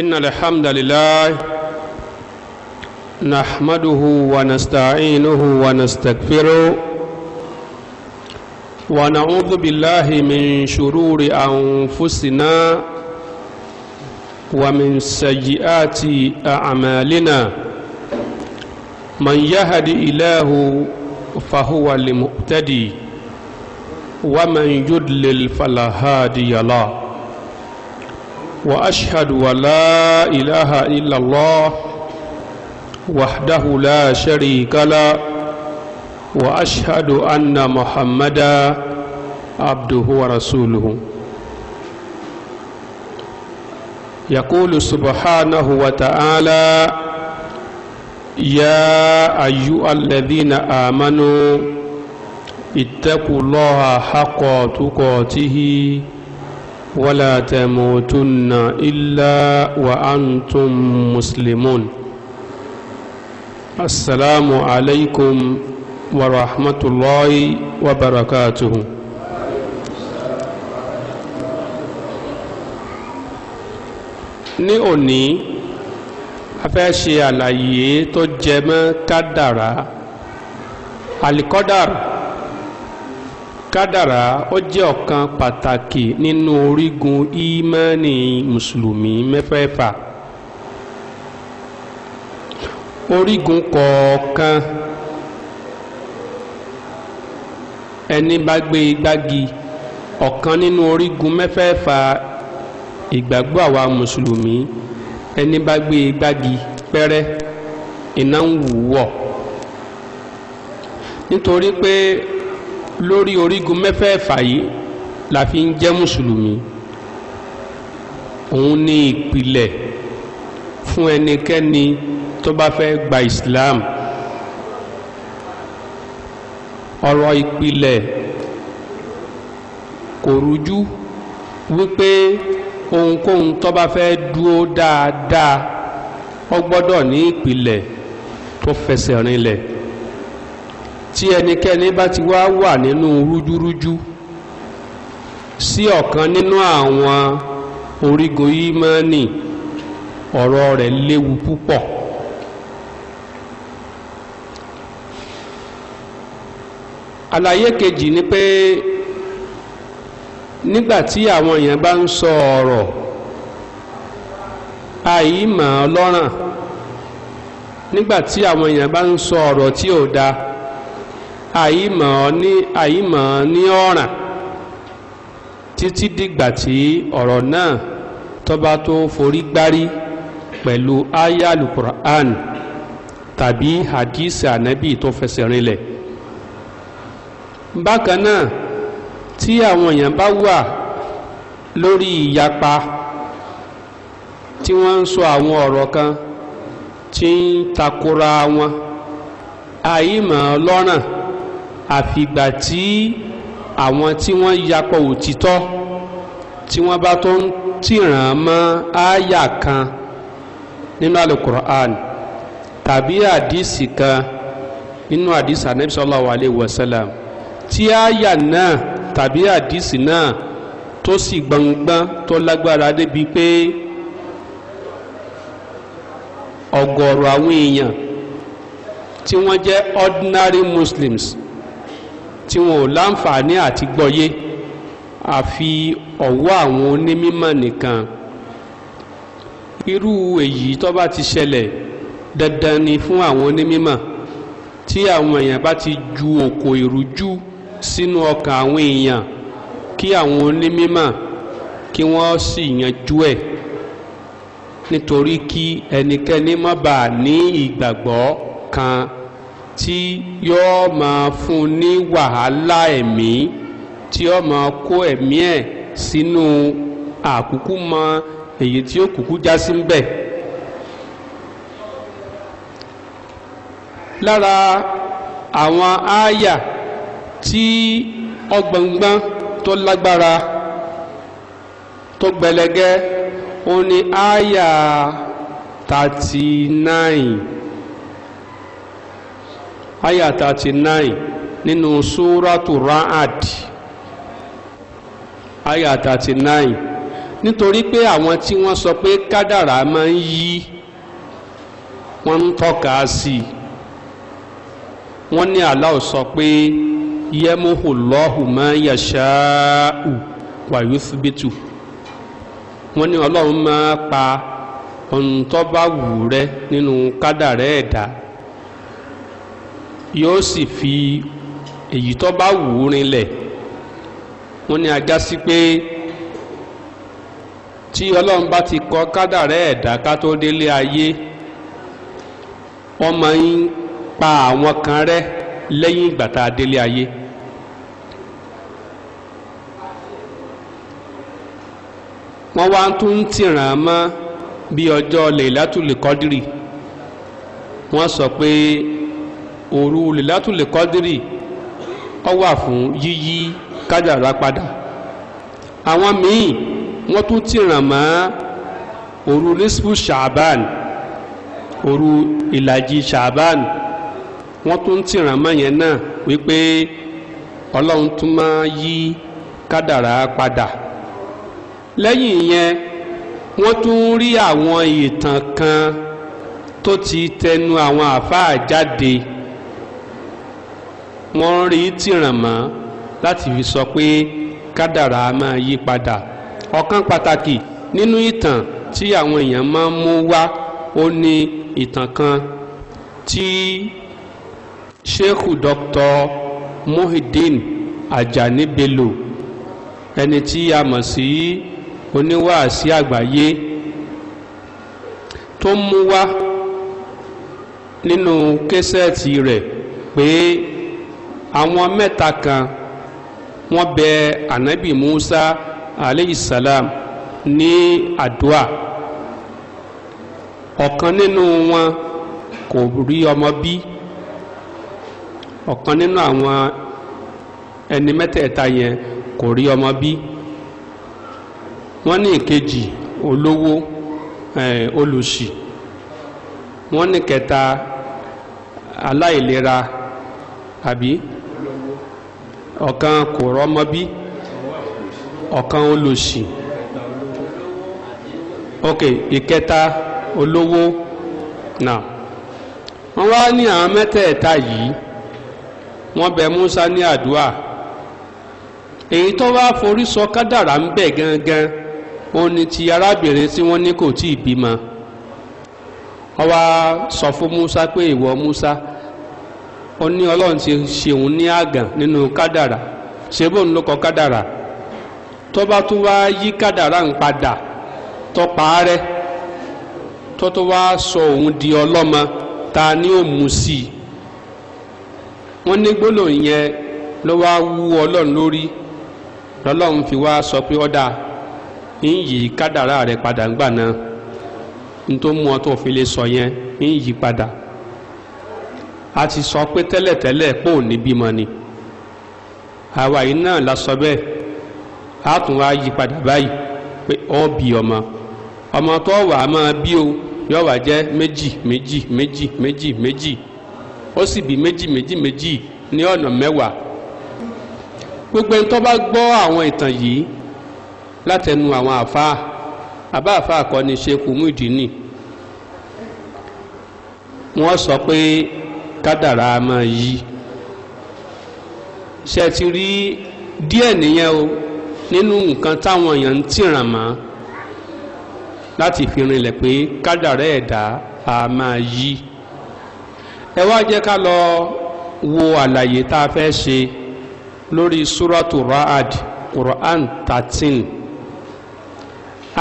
إن الحمد لله نحمده ونستعينه ونستغفره ونعوذ بالله من شرور أنفسنا ومن سيئات أعمالنا من يهد إله فهو المهتدي ومن يدلل فلا هادي له واشهد ولا اله الا الله وحده لا شريك له واشهد ان محمدا عبده ورسوله يقول سبحانه وتعالى يا ايها الذين امنوا اتقوا الله حق تقاته ولا تموتن إلا وأنتم مسلمون السلام عليكم ورحمة الله وبركاته ní òní a fẹ́ ṣe àlàyé tó jẹ mọ́ kádàrá alikọ́dàrá kádàrá ó jẹ́ ọ̀kan pàtàkì nínú orígun ìmánì mùsùlùmí mẹ́fẹ̀ẹ̀fà orígun kọ̀ọ̀kan ẹni bá gbé igbági ọ̀kan nínú orígun mẹ́fẹ̀ẹ̀fà ìgbàgbọ́ àwa mùsùlùmí ẹni bá gbé igbági pẹ́rẹ́ iná ń wù wọ̀ nítorí pé lórí orígun mẹ́fẹ̀ẹ̀fà yìí la fi ń jẹ́ mùsùlùmí òun ni ìpìlẹ̀ fún ẹnikẹ́ni tó bá fẹ́ gba Islam ọ̀rọ̀ ìpìlẹ̀ kò rújú wípé ohunkóhun tó bá fẹ́ dúró dáadáa ó gbọ́dọ̀ ní ìpìlẹ̀ tó fẹsẹ̀ rinlẹ̀. tí ẹnikẹ́ni bá ti wá wà nínú rújúrújú sí ọ̀kan nínú àwọn orígun ìmánì ọ̀rọ̀ rẹ̀ léwu púpọ̀ àlàyé kejì ni pé nígbàtí àwọn èèyàn bá ń sọ ọ̀rọ̀ àìmọ̀ ọlọ́ràn nígbàtí àwọn èèyàn bá ń sọ ọ̀rọ̀ tí ò dáa àìmọ̀ ní àìmọ̀ ní ọ̀ràn títí dìgbà tí ọ̀rọ̀ náà tọ́ba tó forí gbárí pẹ̀lú aya alukur'an tàbí hadisi anabi tó fẹsẹ̀ rinlẹ̀ bákan náà tí àwọn èèyàn bá wà lórí ìyapa tí wọ́n ń sọ àwọn ọ̀rọ̀ kan tí ń takora wọn àìmọ̀ lọ́ràn àfìgbà tí àwọn tí wọ́n yapọ̀ òtítọ́ tí wọ́n bá tó ń tìràn mọ́ àyà kan nínú alukur'an tàbí àdìsí kan nínú àdìsí anabi sallallahu alayhi wa sallam tí àyà náà tàbí àdìsí náà tó sì gbangban tó lágbára débi pé ọ̀gọ̀ọ̀rọ̀ àwọn èèyàn tí wọ́n jẹ́ ordinary muslims tí wọn ò láǹfààní àti gbọ́yé àfi ọ̀wọ́ àwọn onímọ̀ nìkan irú èyí tó bá ti ṣẹlẹ̀ dandan ni fún àwọn onímọ̀ tí àwọn èèyàn bá ti ju òkò ìrújú sínú ọkàn àwọn èèyàn kí àwọn onímọ̀ kí wọ́n sì yanjú ẹ̀ nítorí kí ẹnikẹ́ni má bàa ní ìgbàgbọ́ kan tí yóò máa fún ní wàhálà ẹ̀mí tí yóò máa kó ẹ̀mí ẹ̀ sínú àkúkú mọ èyí tí ó kúkú já sí ń lára àwọn àyà tí ọgbọ̀ngbọ́n tó lágbára tó gbẹlẹgẹ́ ó ní àyà thirty nine. aya 39 nínú sora tụrụ ra adị ayaa 39 nítorí pé àwọn tí wọ́n sọ pé kádàrà máa ń yí wọ́n ń tọ́ka á sí wọ́n ní aláwọ̀ sọ pé yie mụ hụ lọ́ọ̀hụ̀ maa yá chaa u wa iwefu wọ́n ní ọlọ́run máa pa ọ̀hùntọ́báwụ rẹ nínú kádàrà ẹ̀dá. yóò sì fi èyí tó bá wù ú rinlẹ̀ wọ́n ní ajá sí pé tí ọlọ́run bá ti kọ kádàrá ẹ̀dá ká tó délé ayé wọ́n máa ń pa àwọn kan rẹ́ lẹ́yìn ìgbà tá a délé ayé. wọ́n wá tún ń tìràn mọ́ bí ọjọ́ lèlátùlẹ̀kọ́dìrì wọ́n sọ pé òru lìlátùlẹ̀ kọ́dírì ó wà fún yíyí kádàrá padà àwọn míì wọ́n tún ti ràn mọ́ òru nisfu ṣàbán òru ìlàjì ṣàbán wọ́n tún ti ràn mọ́ yẹn náà wípé ọlọ́run tún máa yí kádàrá padà lẹ́yìn yẹn wọ́n tún rí àwọn ìtàn kan tó ti tẹnu àwọn àfáà jáde wọ́n ń rí tìràn mọ́ láti fi sọ pé kádàrá máa yí padà ọ̀kan pàtàkì nínú ìtàn tí àwọn èèyàn máa ń mú wá ó ní ìtàn kan tí sheikh dr muhyiddin ajani bello ẹni tí a mọ̀ sí oníwàásí àgbáyé tó mú wá nínú késẹ́ẹ̀tì rẹ̀ pé àwọn mẹ́ta kan wọ́n bẹ anabi musa aleyhi salam ní adua. ọ̀kan nínú wọn kò rí ọmọ bí ọ̀kan nínú àwọn ẹni mẹ́tẹ̀ẹ̀ta yẹn kò rí ọmọ bí wọ́n ní ìkejì olówó olùsì wọ́n ní kẹta aláìlera àbí ọ̀kan kò rọ́mọ bí ọ̀kan olòṣì ok ìkẹta olówó náà wọ́n wá ní àwọn mẹ́tẹ̀ẹ̀ta yìí wọ́n bẹ Musa ní àdúrà èyí tó wá forí sọ kádàrá ń bẹ gangan òun ni ti arábìnrin tí wọ́n ní kò tí ì bímọ wọ́n wá sọ fún Musa pé ìwọ Musa. ó ní ọlọ́run ti ṣeun ní àgàn nínú kádàrà ṣe bóun ló kọ kádàrà tó bá tún wá yí kádàrà ń padà tó tó wá sọ òun di ọlọ́mọ ta ni ó mú sí i wọ́n ní gbólóhùn yẹn ló wá wú ọlọ́run lórí lọ́lọ́run fi wá sọ pé ọ tó sọ yẹn ń yí padà. a ti sọ pé tẹ́lẹ̀tẹ́lẹ̀ pò ní bímọ ni àwa yìí náà la sọ bẹ́ẹ̀ a tún wá yí padà báyìí pé ó bí ọmọ ọmọ tó wà á máa bí o yóò wá jẹ́ méjì méjì méjì méjì méjì ó sì bí méjì méjì méjì ní ọ̀nà mẹ́wàá gbogbo ẹni tó bá gbọ́ àwọn ìtàn yìí látẹnu àwọn àfáà àbá àfáà kọ́ ṣe kùmú ìdí nì wọ́n sọ pé kádàrá a máa yí ṣe ti rí díẹ̀ nìyẹn o nínú nǹkan táwọn èèyàn ń tìràn mọ́ láti fi rinlẹ̀ pé kádàrá ẹ̀dá a máa yí ẹ wá jẹ́ ká lọ wo àlàyé tá a fẹ́ ṣe lórí súrọ́tù ra'ad quran thirteen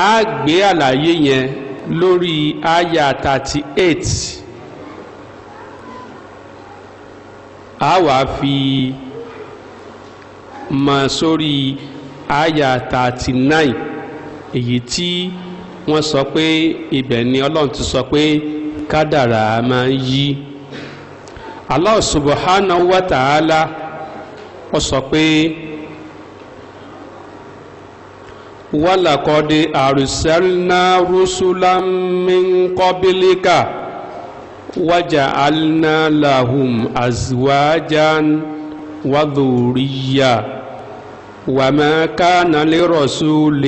a gbé àlàyé yẹn lórí aya thirty eight. 39 eyi awafi masori ya 139 yiti wasope ibenolotsope kadaramji alasbu hatlaoskpe walakod arusrnaruslamkobilika وجعلنا لهم أزواجا وذرية وما كان لرسول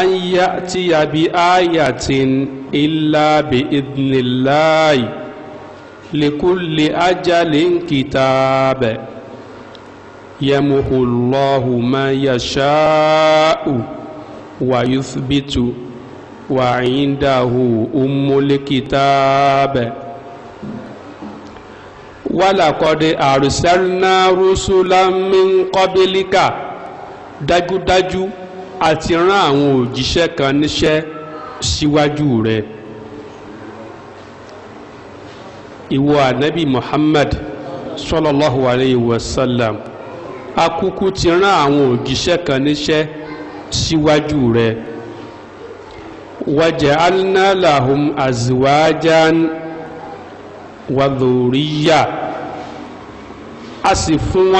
أن يأتي بآية إلا بإذن الله لكل أجل كتاب يمحو الله ما يشاء ويثبت وعنده أم الكتاب ولقد أرسلنا رسلا من قبلك dájúdájú a ti rán àwọn òjíṣẹ́ kan níṣẹ́ síwájú rẹ ìwọ ànábì Muhammad sallallahu alayhi wa sallam akuku ti rán àwọn òjíṣẹ́ kan níṣẹ́ síwájú rẹ. وجعلنا لهم أزواجا وذرية a fún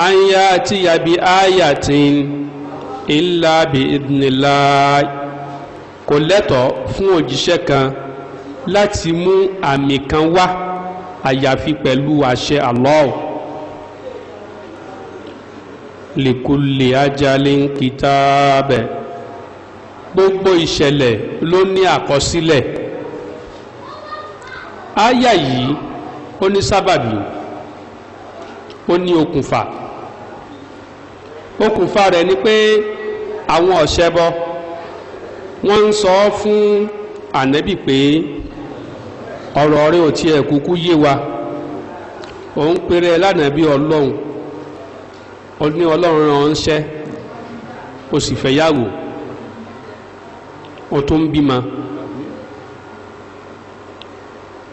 an ya'tiya bi ayatin illa bi idhnillah kò lẹ́tọ̀ọ́ fún òjíṣẹ́ kan láti mú àmì kan wá àyàfi pẹ̀lú àṣẹ Allah likulli ajalin kitabe gbogbo ìṣẹ̀lẹ̀ ló ní àkọsílẹ̀ àyà yìí ó ní sábàbí ó ní okùnfà okùnfà rẹ̀ ni pé àwọn ọ̀ṣẹbọ wọ́n ń sọ fún ànẹ́bì pé ọ̀rọ̀ rẹ̀ ò kúkú yé wa òun péré lánàbí ọlọ́run ní ọlọ́run rán ṣẹ́ ó sì fẹ́ ó tún bímọ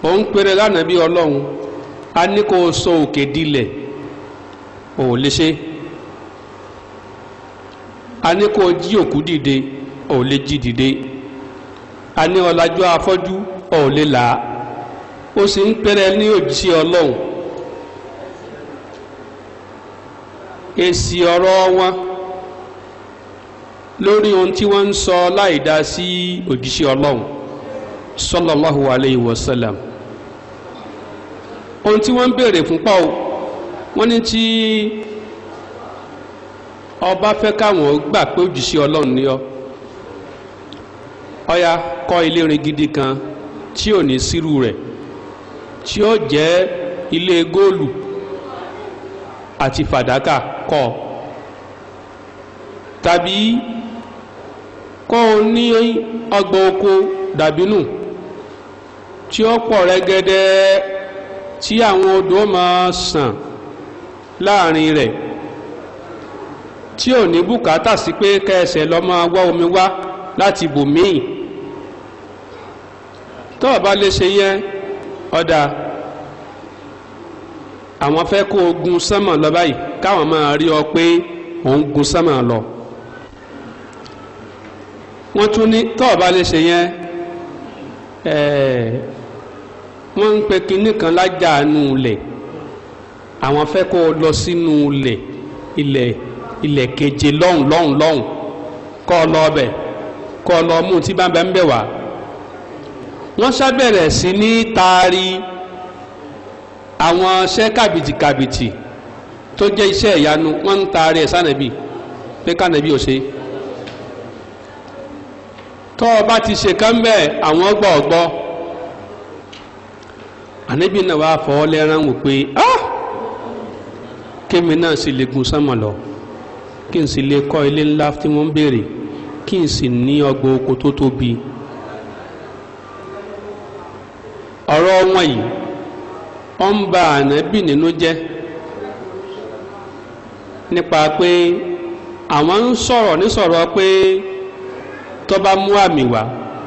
òun péré lánàbí ọlọ́run a ní o òkè dilẹ̀ a ní kó jí òkú dìde ò lè jí dìde a ní ọ̀làjú afọ́jú ò lè là á ó sì ń pẹ́rẹ́ ní òjíṣẹ́ ọlọ́run èsì ọ̀rọ̀ wọn lórí ohun tí wọ́n ń sọ láìdá sí òjíṣẹ́ ọlọ́run sallallahu alayhi wa sallam ohun tí wọ́n ń béèrè fún pọ̀ wọ́n ní tí ọba fẹ́ káwọn gbà pé òjìṣẹ́ ọlọ́run ni ọ́ ọya kọ́ ilé irin gidi kan tí ò ní sírú rẹ̀ tí ó jẹ́ ilé góòlù àti fàdákà kọ́ tàbí kọ́ ọ ní ọgbà oko dàbínù tí ó pọ̀ rẹ́gẹ́dẹ́ tí àwọn odò máa sàn láàrin rẹ̀ tí ò ní bùkátà sí pé kẹsẹ̀ lọ máa wá omi wá láti bòmíì tó o bá lè ṣe yẹn ọ̀dà àwọn fẹ́ kó o gun sánmọ̀ lọ báyìí káwọn máa rí ọ pé ò gun sánmọ̀ lọ wọ́n tún ní tó o lè ṣe yẹn wọ́n ń pe kinní kan lájà nù lẹ̀ àwọn fẹ́ kó o lọ sínú ilẹ̀ ilẹ̀ ilẹ̀ keje lọ́hùn lọ́hùn lọ́hùn kọ́ ọ lọ ọbẹ̀ kọ́ ọ lọ mú tí bá ń bẹ ń bẹ̀ wá. wọ́n ṣàbẹ̀rẹ̀ sí ní taari àwọn iṣẹ́ kàbìtìkàbìtì tó jẹ́ iṣẹ́ ìyanu wọ́n ń taari ẹ̀ sànàbì pé kànàbì ò ṣe. tọ́ ọ bá ti ṣe kán bẹ́ẹ̀ àwọn gbọ́ ọgbọ́ ànábì náà wàá fọ́ ọ lẹ́rán wò pé kémi náà sì lè gun sánmọ̀ lọ. kí n sì lè kọ́ ilé ńlá tí wọ́n ń béèrè kí n sì ní ọgbọ́n oko tó tóbi ọ̀rọ̀ wọn yìí wọ́n ń ba ànábì nínú jẹ́ nípa pé àwọn ń sọ̀rọ̀ nísọ̀rọ̀ pé tó bá mú àmì wá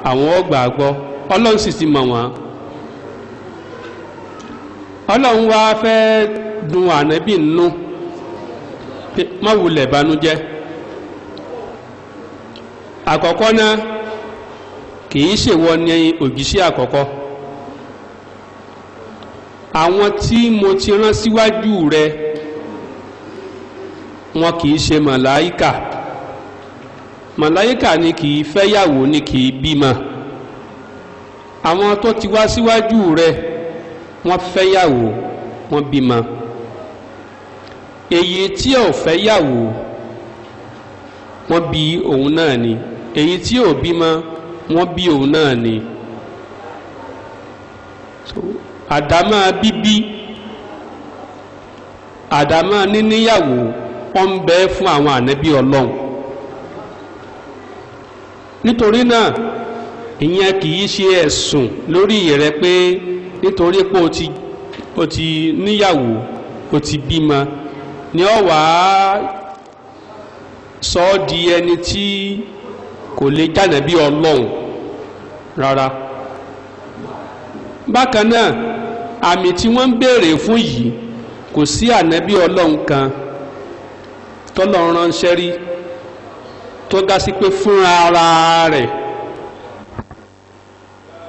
àwọn ò gbàgbọ́ ọlọ́run sì ti mọ̀ wọ́n ọlọ́run wá fẹ́ dùn ànábì nínú. No má wulẹ̀ banújẹ́ àkọ́kọ́ náà kìí ṣèwọ ni òjíṣẹ́ àkọ́kọ́ àwọn tí mo ti rán síwájú rẹ wọn kìí ṣe màláíkà màláíkà ni kìí fẹ́yàwó ni kìí bímọ àwọn tó ti wá síwájú rẹ wọn fẹ́yàwó wọn bímọ èyí tí ò fẹ́ yàwó wọ́n bí òun náà ni èyí tí ò bímọ wọ́n bí òun náà ni àdámà bíbí àdámà níníyàwó wọ́n ń bẹ fún àwọn ànábì ọlọ́run nítorí náà ìyẹn kì í ṣe ẹ̀sùn lórí rẹ pé nítorí pé o ti níyàwó o ti bímọ ni ọ wàá sọ ọ́ di ẹni tí kò lè jànà bí ọlọ́run rárá bákan náà àmì tí wọ́n ń béèrè fún yìí kò sí ànábì ọlọ́run kan tọ́lọ́run ránṣẹ́ rí tó ga sí pé fúnra ara rẹ̀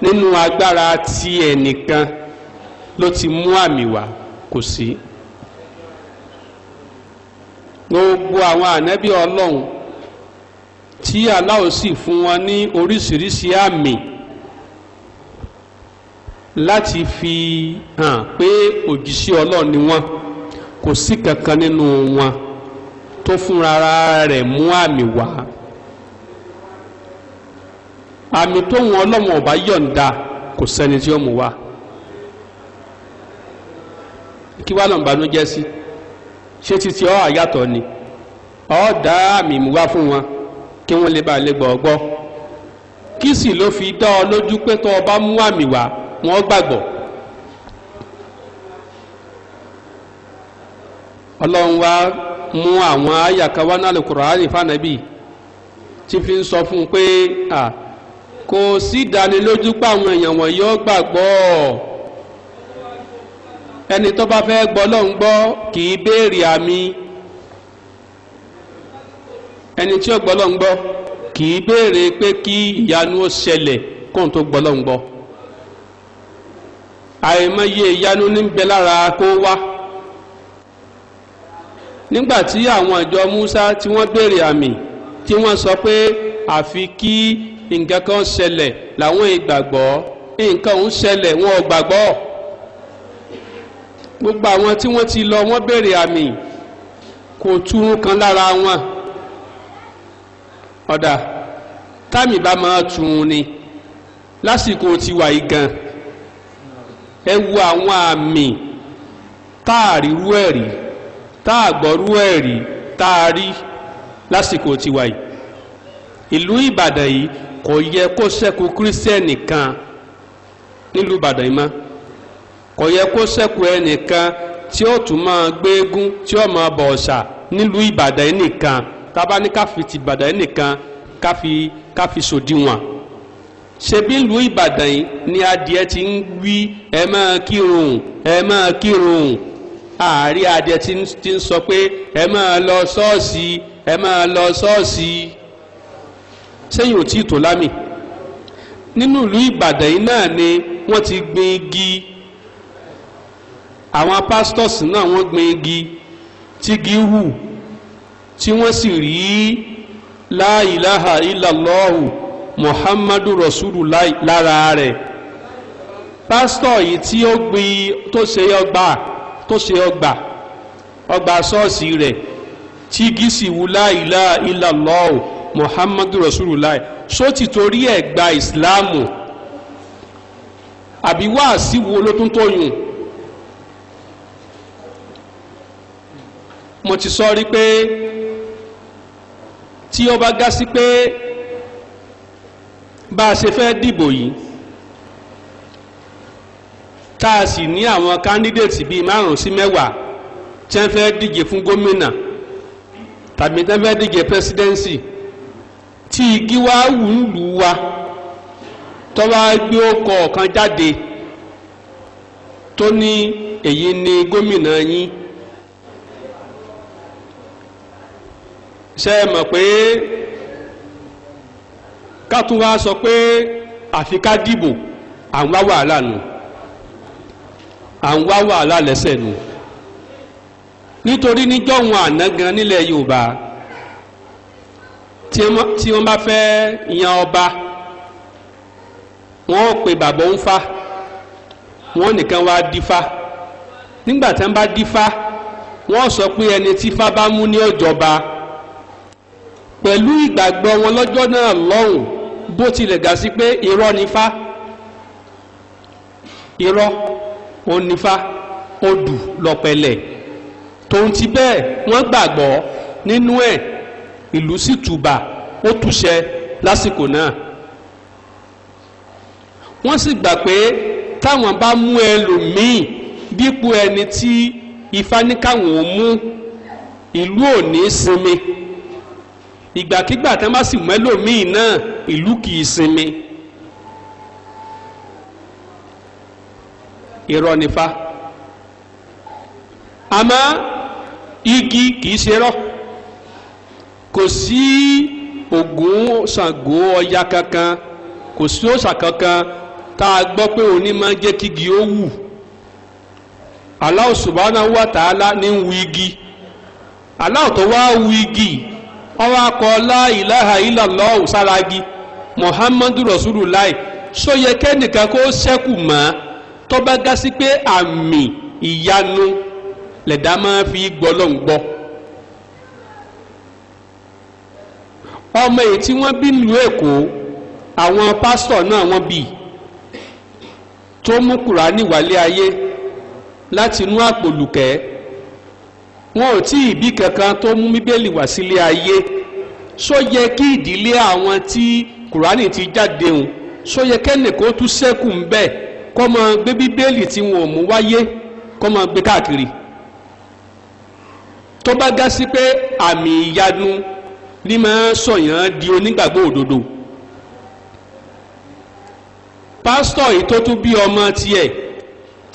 nínú agbára ti ẹnìkan ló ti mú àmì wá kò sí. Si gbogbo àwọn ànábì ọlọ́run tí aláwo sì fún wọn ní oríṣiríṣi àmì láti fi hàn pé òjíṣẹ́ ọlọ́run ni wọ́n kò sí kankan nínú wọn tó fúnra rẹ̀ mú àmì wá àmì tó wọn ọlọ́run ọba yọ̀ǹda kò sẹ́ni tí ó mú wá kí wàá lọ́nbàánú jẹ́ sí. Si ṣé títí ọ àyàtọ̀ ni ọ dá àmì mú wá fún wọn kí wọ́n lè bá lè gbọ́ ọgbọ́ kí sì ló fi dá ọ lójú pé tó o bá mú àmì wá wọ́n gbàgbọ́ ọlọ́run wá mú àwọn àyà wá náà lè àárín fànàbí tí fi ń sọ fún pé kò sí ìdánilójú pé àwọn èèyàn wọ̀nyí ó gbàgbọ́ ọ̀ ẹni tó bá fẹ́ gbọ́ ló ń gbọ́ kì í béèrè àmì ẹni tí ó gbọ́ ló ń gbọ́ kì í béèrè pé kí ìyanu ó ṣẹlẹ̀ kóun tó gbọ́ ló ń gbọ́ àìmọye ìyanu ní lára kó wá nígbà àwọn ìjọ Musa tí wọ́n béèrè àmì tí wọ́n sọ pé àfi kí nǹkan kan ṣẹlẹ̀ làwọn ìgbàgbọ́ nǹkan ń ṣẹlẹ̀ wọn ò gbàgbọ́ gbogbo àwọn tí wọ́n ti lọ wọ́n béèrè àmì kò túrún kan lára wọn ọ̀dà táàmì bá máa tún un ni lásìkò ti wà yìí gan ẹ wo àwọn àmì tá a rírú ẹ̀ rí tá a gbọ́rú ẹ̀ rí tá a rí lásìkò ti wà yìí ìlú Ìbàdàn yìí kò yẹ kó ṣẹ́kù kírísítẹ́nì kan nílùú Ìbàdàn yìí mọ́ kò yẹ kó sẹ́kù ẹnìkan tí ó tún máa gbéégún tí ó máa bọ òòṣà nílùú ìbàdàn ẹnìkan tábà ní káfi ti ìbàdàn ẹnìkan káfi káfi sòdiwọ̀n ṣebí ìlú ìbàdàn yìí ni adìẹ ti ń wí ẹ máa kírun ẹ máa kírun àárí adìẹ ti ń sọ pé ẹ máa lọ ṣọ́ọ̀ṣì ẹ máa lọ ṣọ́ọ̀ṣì sẹ́yìn ò tí ì tó lámì nínú ìlú ìbàdàn yìí náà ni wọ́n ti gbin igi àwọn pastors náà wọ́n gbin igi tígi hù tí wọ́n sì rí la ilaha illallah muhammadu Rasulu lára rẹ̀ pásítọ̀ yìí tí ó gbin tó ṣe ọgbà tó ṣe ọgbà ọgbà ṣọ́ọ̀ṣì rẹ̀ tí gíìsì wù la ilaha illallah muhammadu rasulullah só ti torí ẹ̀ gba ìsìláàmù àbí wàásù wo yùn. mo ti sọ rí pé tí ó bá gá sí pé bá a ṣe fẹ́ dìbò yìí tá a sì ní àwọn kándídéètì bíi márùn sí mẹ́wàá tí wọ́n fẹ́ díje fún gómìnà tàbí tí wọ́n fẹ́ díje pẹ́sidẹ́ǹsì tí igi wá wù ú lù ú tó bá gbé ọkọ̀ kan jáde tó ní èyí ni gómìnà yín ṣe é mọ̀ pé ká tún wá sọ pé àfi ká dìbò à ń wá wàhálà nù à ń wá wàhálà lẹ́sẹ̀ nù nítorí níjọ́hun àná gan nílẹ̀ Yorùbá tí wọ́n bá fẹ́ yan ọba wọ́n pe bàbá ń fa wọ́n nìkan wá dífá nígbà tí wọ́n bá dífá wọ́n sọ pé ẹni tí fá bá mú ní ọjọba pẹ̀lú ìgbàgbọ́ wọn lọ́jọ́ náà lọ́hùn bó tilẹ̀ gà sí pé irọ́ nífá irọ́ onífá odù lọ́pẹ̀lẹ̀ tòun ti bẹ́ẹ̀ wọ́n gbàgbọ́ nínú ẹ̀ ìlú sì tùbà ó túṣẹ lásìkò náà wọ́n sì gbà pé táwọn bá mú ẹlòmíì dípò ẹni tí ifá ní káwọn ò mú ìlú ò ní sinmi ìgbàkigbà tán bá sì mẹ́lòmíì náà ìlú kì í sinmi irọ́ nífa àmọ́ igi kì í ṣe rọ́ kò sí Ògún Ṣàngó Ọya kankan kò sí òòṣà kankan tá a gbọ́ pé òní máa ń jẹ́ kí igi ó wù Allah subhanahu wa ta'ala ní wu igi Allah tó wá wu igi ọwọ́ akọ láìláha ìlàlọ́hù sáragi muhammadu rasulullah sọ yẹ kẹ́nìkan kó ṣẹ́kù mọ́ tó bá gá sí pé àmì ìyanu lẹ̀dá máa fi gbọ́ lọ́n gbọ́ ọmọ èyí tí wọ́n bí nílùú èkó àwọn pásítọ̀ náà wọ́n bí tó mú kùránì wálé ayé láti inú àpòlùkẹ́ wọn ò tí ì bí kankan tó mú bíbélì wá sílé ayé só yẹ kí ìdílé àwọn tí kùránì ti jáde hùn só yẹ kẹ́nìkan ó tún ṣẹ́kù ń bẹ́ẹ̀ kọ́ mọ gbé bíbélì tí wọn ò mú wáyé kọ́ mọ gbé káàkiri tó bá gá sí pé àmì ìyanu ni máa sọ̀yàn di onígbàgbọ́ òdodo pásítọ̀ yìí tó tún bí ọmọ tiẹ̀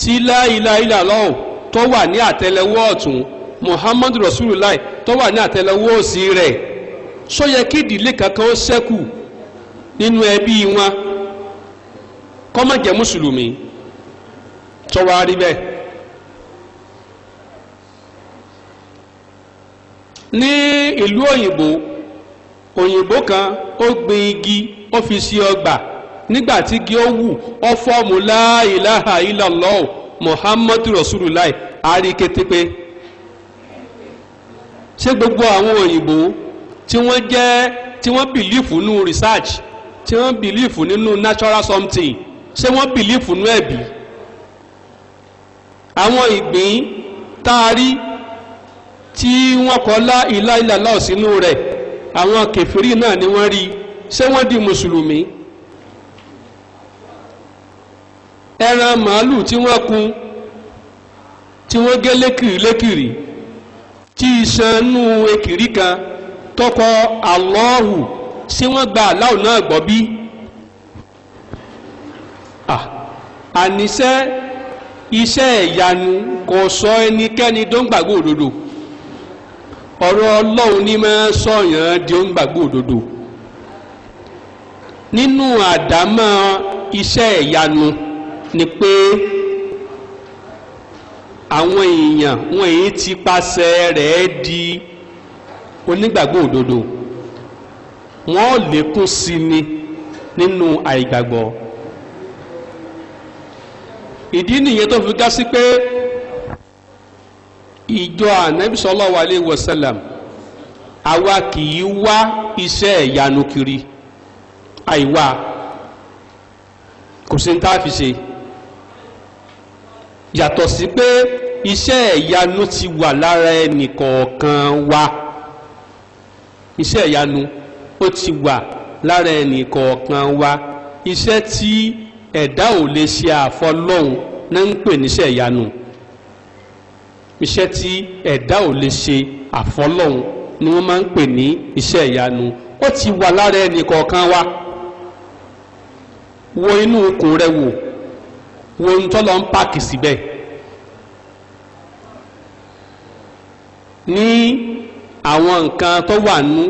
tí láìláìlà lọ́hùn tó wà ní àtẹ́lẹwọ́ ọ̀tún muhammadu rasulullah tó wà ní àtẹ́lẹwọ́ òsì rẹ̀ sọ yẹ kí ìdílé kankan ó nínú ẹbí wọn kó má jẹ́ mùsùlùmí tó wá ní ìlú òyìnbó òyìnbó kan ó gbin igi ó fi sí ọgbà nígbà tí igi ó wù ó fọ́ọ̀mù la ilaha illallah muhammadu rasulullah àríkété pé. ṣé gbogbo àwọn òyìnbó tí wọ́n jẹ́ tí wọ́n bìlífù nínú research tí wọ́n bìlífù nínú natural something ṣé wọ́n bìlífù nínú ẹ̀bí àwọn ìgbín tá a rí tí wọ́n kọ́ lá ìlà ìlà láò sínú rẹ̀ àwọn kẹfìrí náà ni wọ́n rí ṣé wọ́n di mùsùlùmí ẹran màálù tí wọ́n kú tí wọ́n gé lékiri lékiri tí iṣan nú ekiri kan tọkọ àlọ́ọ̀hù sí wọ́n gba aláwọ̀ náà gbọ́ bí? àníṣẹ́ iṣẹ́ ìyanu kò sọ ẹnikẹ́ni tó ń gbàgbọ́ òdodo ọ̀rọ̀ ọlọ́run ní máa sọ̀yàn di ó ń gbàgbọ́ òdodo nínú àdámọ́ iṣẹ́ ìyanu ni pé. àwọn èèyàn wọn èyí ti pasẹ̀ rẹ̀ di onígbàgbọ́ òdodo wọn ò lékún sí ni nínú àìgbàgbọ́ ìdí nìyẹn tó fi ká sí pé ìjọ ànábì sallallahu alaihi wasallam àwa kì í wá iṣẹ́ ìyanu kiri àìwá kò sí ní tá a fi ṣe yàtọ̀ sí pé iṣẹ́ ìyanu ti wà lára ẹnìkọ̀ọ̀kan wa iṣẹ́ ìyanu ó ti wà lára ẹnìkọ̀ọ̀kan wa iṣẹ́ tí ẹ̀dá ò lè ṣe àfọlọ́hun náà ń pè níṣẹ́ ìyanu iṣẹ́ tí ẹ̀dá ò lè ṣe àfọlọ́hun ni wọ́n máa ń pè ní iṣẹ́ ìyanu ó ti wà lára ẹnìkọ̀ọ̀kan wa wo inú ikùn rẹ wò wo ohun tó lọ ń pààkì síbẹ̀ ní àwọn nǹkan tó wà nú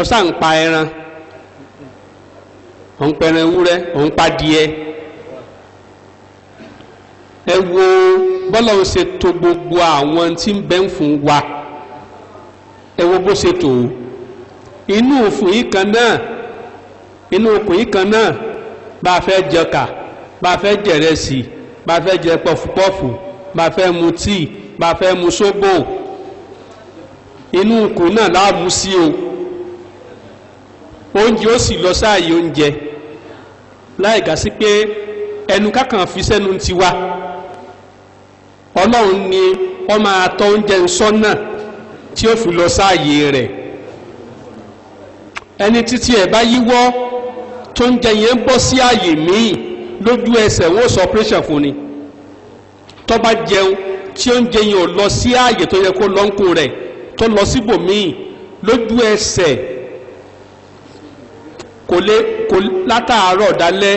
ọ̀sà ń pa ẹran òun pẹran ewúrẹ́ òun pa díẹ̀ ẹ wo bọ́lá ń ṣe to gbogbo àwọn tí ń bẹ́ ń fún wa ẹ wo bó ṣe tò ó inú òfin yìí kan náà inú òkun yìí kan náà bá a fẹ́ jọkà bá fẹ́ jẹ̀rẹsì bá fẹ́ jẹ pọ̀fupọ́fù bá fẹ́ mu tíì bá fẹ́ mu sóbò inú ikù náà láàmú sí o oúnjẹ ó sì lọ sáàyè oúnjẹ láì gà sí pé ẹnu kákan fi sẹ́nu ti wá ọlọ́run ni wọ́n máa tọ́ oúnjẹ sọ́nà tí ó fi lọ sáàyè rẹ̀ ẹni títí ẹ̀ bá yíwọ́ tó ń jẹ yẹn bọ́ sí ààyè míì lójú ẹsẹ̀ wọ́n sọ operation fún ni tó bá jẹun tí oúnjẹ yẹn ò lọ sí ààyè tó yẹ kó lọ ń kó rẹ̀ tó lọ síbòmíì lójú ẹsẹ̀ kò lè kò látàárọ̀ dálẹ́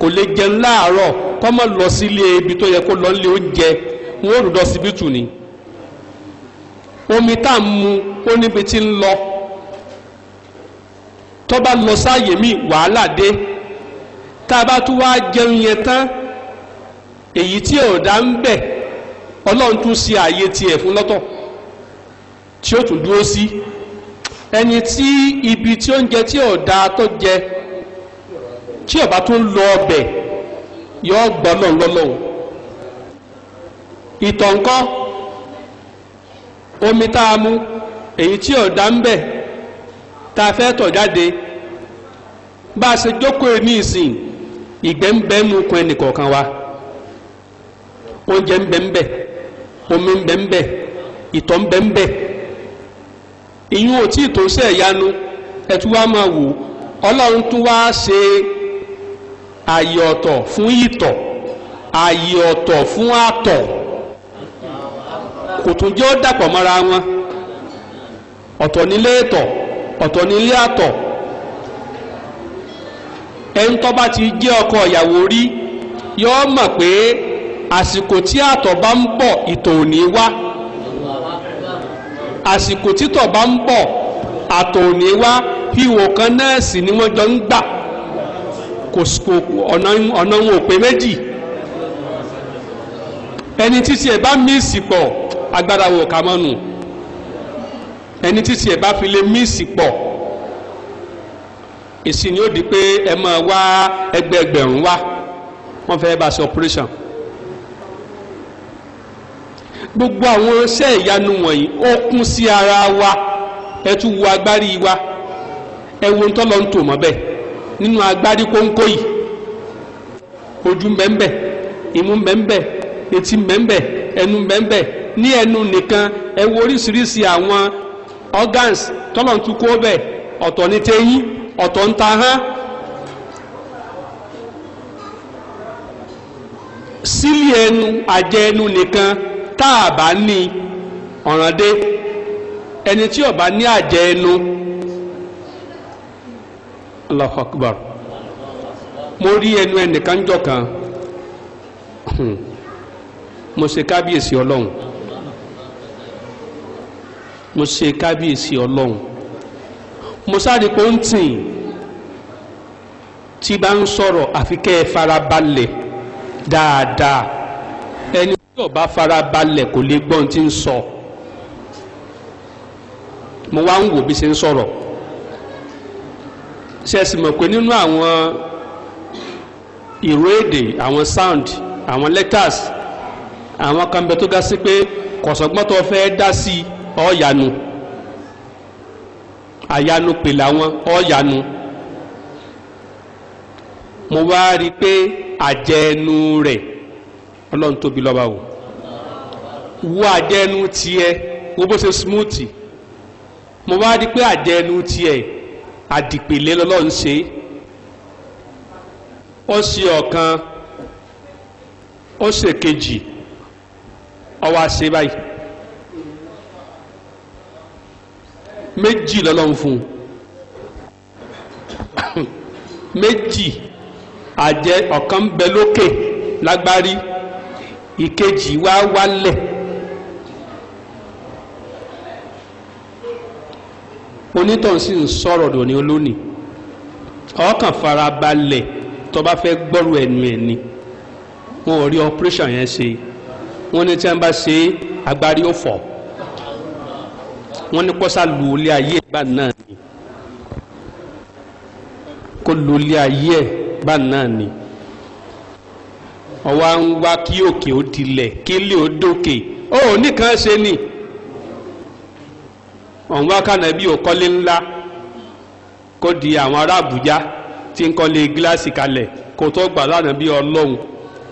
kò lè jẹun láàárọ̀ kó má lọ sílé ibi tó yẹ kó lọ nílé oúnjẹ wọ́n ò rúdọ̀ síbí tù ni omi tá à mu ó níbi tí ń lọ tó bá lọ sáàyè míì wàhálà dé tá a bá tún wá jẹun yẹn tán èyí tí ò dá ń bẹ̀ ọlọ́run tún ṣe ààyè tiẹ̀ fún lọ́tọ̀ tí ó tún dúró sí ẹni tí ibi tí oúnjẹ tí ò dá tó jẹ tí ọba tún lọ ọbẹ̀ yọ gbọ́ náà lọ́lọ́hùn ìtọ̀nkọ́ omi tá a mú èyí tí ò ń bẹ̀ tá a fẹ́ tọ̀ jáde bá a ṣe jókòó ní ìsìn ìgbẹ́ ń bẹ nínú kun ẹnìkọ̀ọ̀kan wa oúnjẹ ń bẹ ń bẹ́ omi ń bẹ ń bẹ́ ìtọ̀ ń bẹ ń bẹ́ ìyún òtí ìtòsẹ̀ ìyanu ẹ̀tú wa máa wò ọlọ́run tún wá ṣe àyè ọ̀tọ̀ fún ìtọ̀ àyè ọ̀tọ̀ fún àtọ̀ kò tún jẹ́ ó dàpọ̀ mọ́ra wọn ọ̀tọ̀ nílé ìtọ̀ ọ̀tọ̀ nílé àtọ̀ ẹni tó bá ti jẹ́ ọkọ ìyàwó rí yóò mọ̀ pé àsìkò tí àtọ̀ bá ń bọ̀ ìtọ̀ ò ní wá àsìkò títọ̀ bá ń bọ̀ àtọ̀ ò ní wá ihò kan náà ni wọ́n jọ ń gbà kò ọ̀nà wọn ò pé méjì ẹni títí ẹ̀ bá míìsì pọ̀ agbára wò ká mọ́nu ẹni títí ẹ̀ bá fi míìsì pọ̀ ìsìn ni ó di pé ẹ máa wá ẹgbẹẹgbẹ̀rún wá wọ́n fẹ́ bá ṣe operation gbogbo àwọn iṣẹ́ ìyanu wọ̀nyí ó kún sí ara wa ẹ tún wo agbárí wa ẹ wo ntọ́lọ́ ń tò mọ́ bẹ́ẹ̀ nínú agbárí kóńkó yìí ojú mbẹ́mbẹ́ imú mbẹ́mbẹ́ etí mbẹ́mbẹ́ ẹnu mbẹ́mbẹ́ ní ẹnu nìkan ẹ wo oríṣiríṣi àwọn organs tọ́lọ̀ ń tún kó bẹ́ẹ̀ ọ̀tọ̀ ní tẹ́yìn ọ̀tọ̀ ń ta hán sílì ẹnu àjẹ ẹnu nìkan tá a bá ní ọ̀ràn dé ẹni tí ó bá ní àjẹ ẹnu Allahu mo rí ẹnu ẹnìkan jọ kan hmm. mo ṣe kábíyèsí ọlọ́run mo ṣe kábíyèsí ọlọ́run mo sáré pé ó ń tì tí bá ń sọ̀rọ̀ àfi kẹ́ ẹ farabalẹ̀ dáadáa ẹni tí ò bá farabalẹ̀ kò lè gbọ́n tí ń sọ mo wá ń wò bí ṣe ń sọ̀rọ̀ ṣe sì mọ̀ pé nínú àwọn ìró èdè àwọn sound àwọn letters àwọn kan bẹ tó ga sí pé kọ̀sọ̀gbọ́n tó fẹ́ dá sí ọ̀yanu. Oh, àyanu pè làwọn ọ̀yanu mo wá rí i pé àjẹnu rẹ̀ ọlọ́run tóbi lọ́ba o wo àjẹnu tiẹ̀ wo bó ṣe smooth mo wá rí i pé àjẹnu tiẹ̀ àdìpèlé lọ́lọ́run ṣe ó ṣe ọ̀kan ó ṣe kejì ó wá báyìí. méjì lọ́lọ́run fún un méjì àjẹ ọ̀kan ń bẹ lókè lágbárí ìkejì wá wálẹ̀ onítọ̀hún sì ń sọ̀rọ̀ dòní olónìí ọkàn farabalẹ̀ tó bá fẹ́ gbọ́rọ̀ ẹnu ẹ̀ ni wọn ò rí operation yẹn ṣe wọn ní tí wọn bá ṣe agbárí ó fọ̀ wọ́n ní kọ́sá lu ilé ayé ìgbà náà ni kó lu ilé ayé ìgbà náà ni ọwọ́ ń wá kí òkè ó dilẹ̀ kí ilé ó dókè ó nìkan ṣe ni ọ̀hún wá bí òkọ́lé ńlá kó di àwọn ará Àbújá tí ń kọ́lé gíláàsì kalẹ̀ kó tó gbà lánàá bí ọlọ́run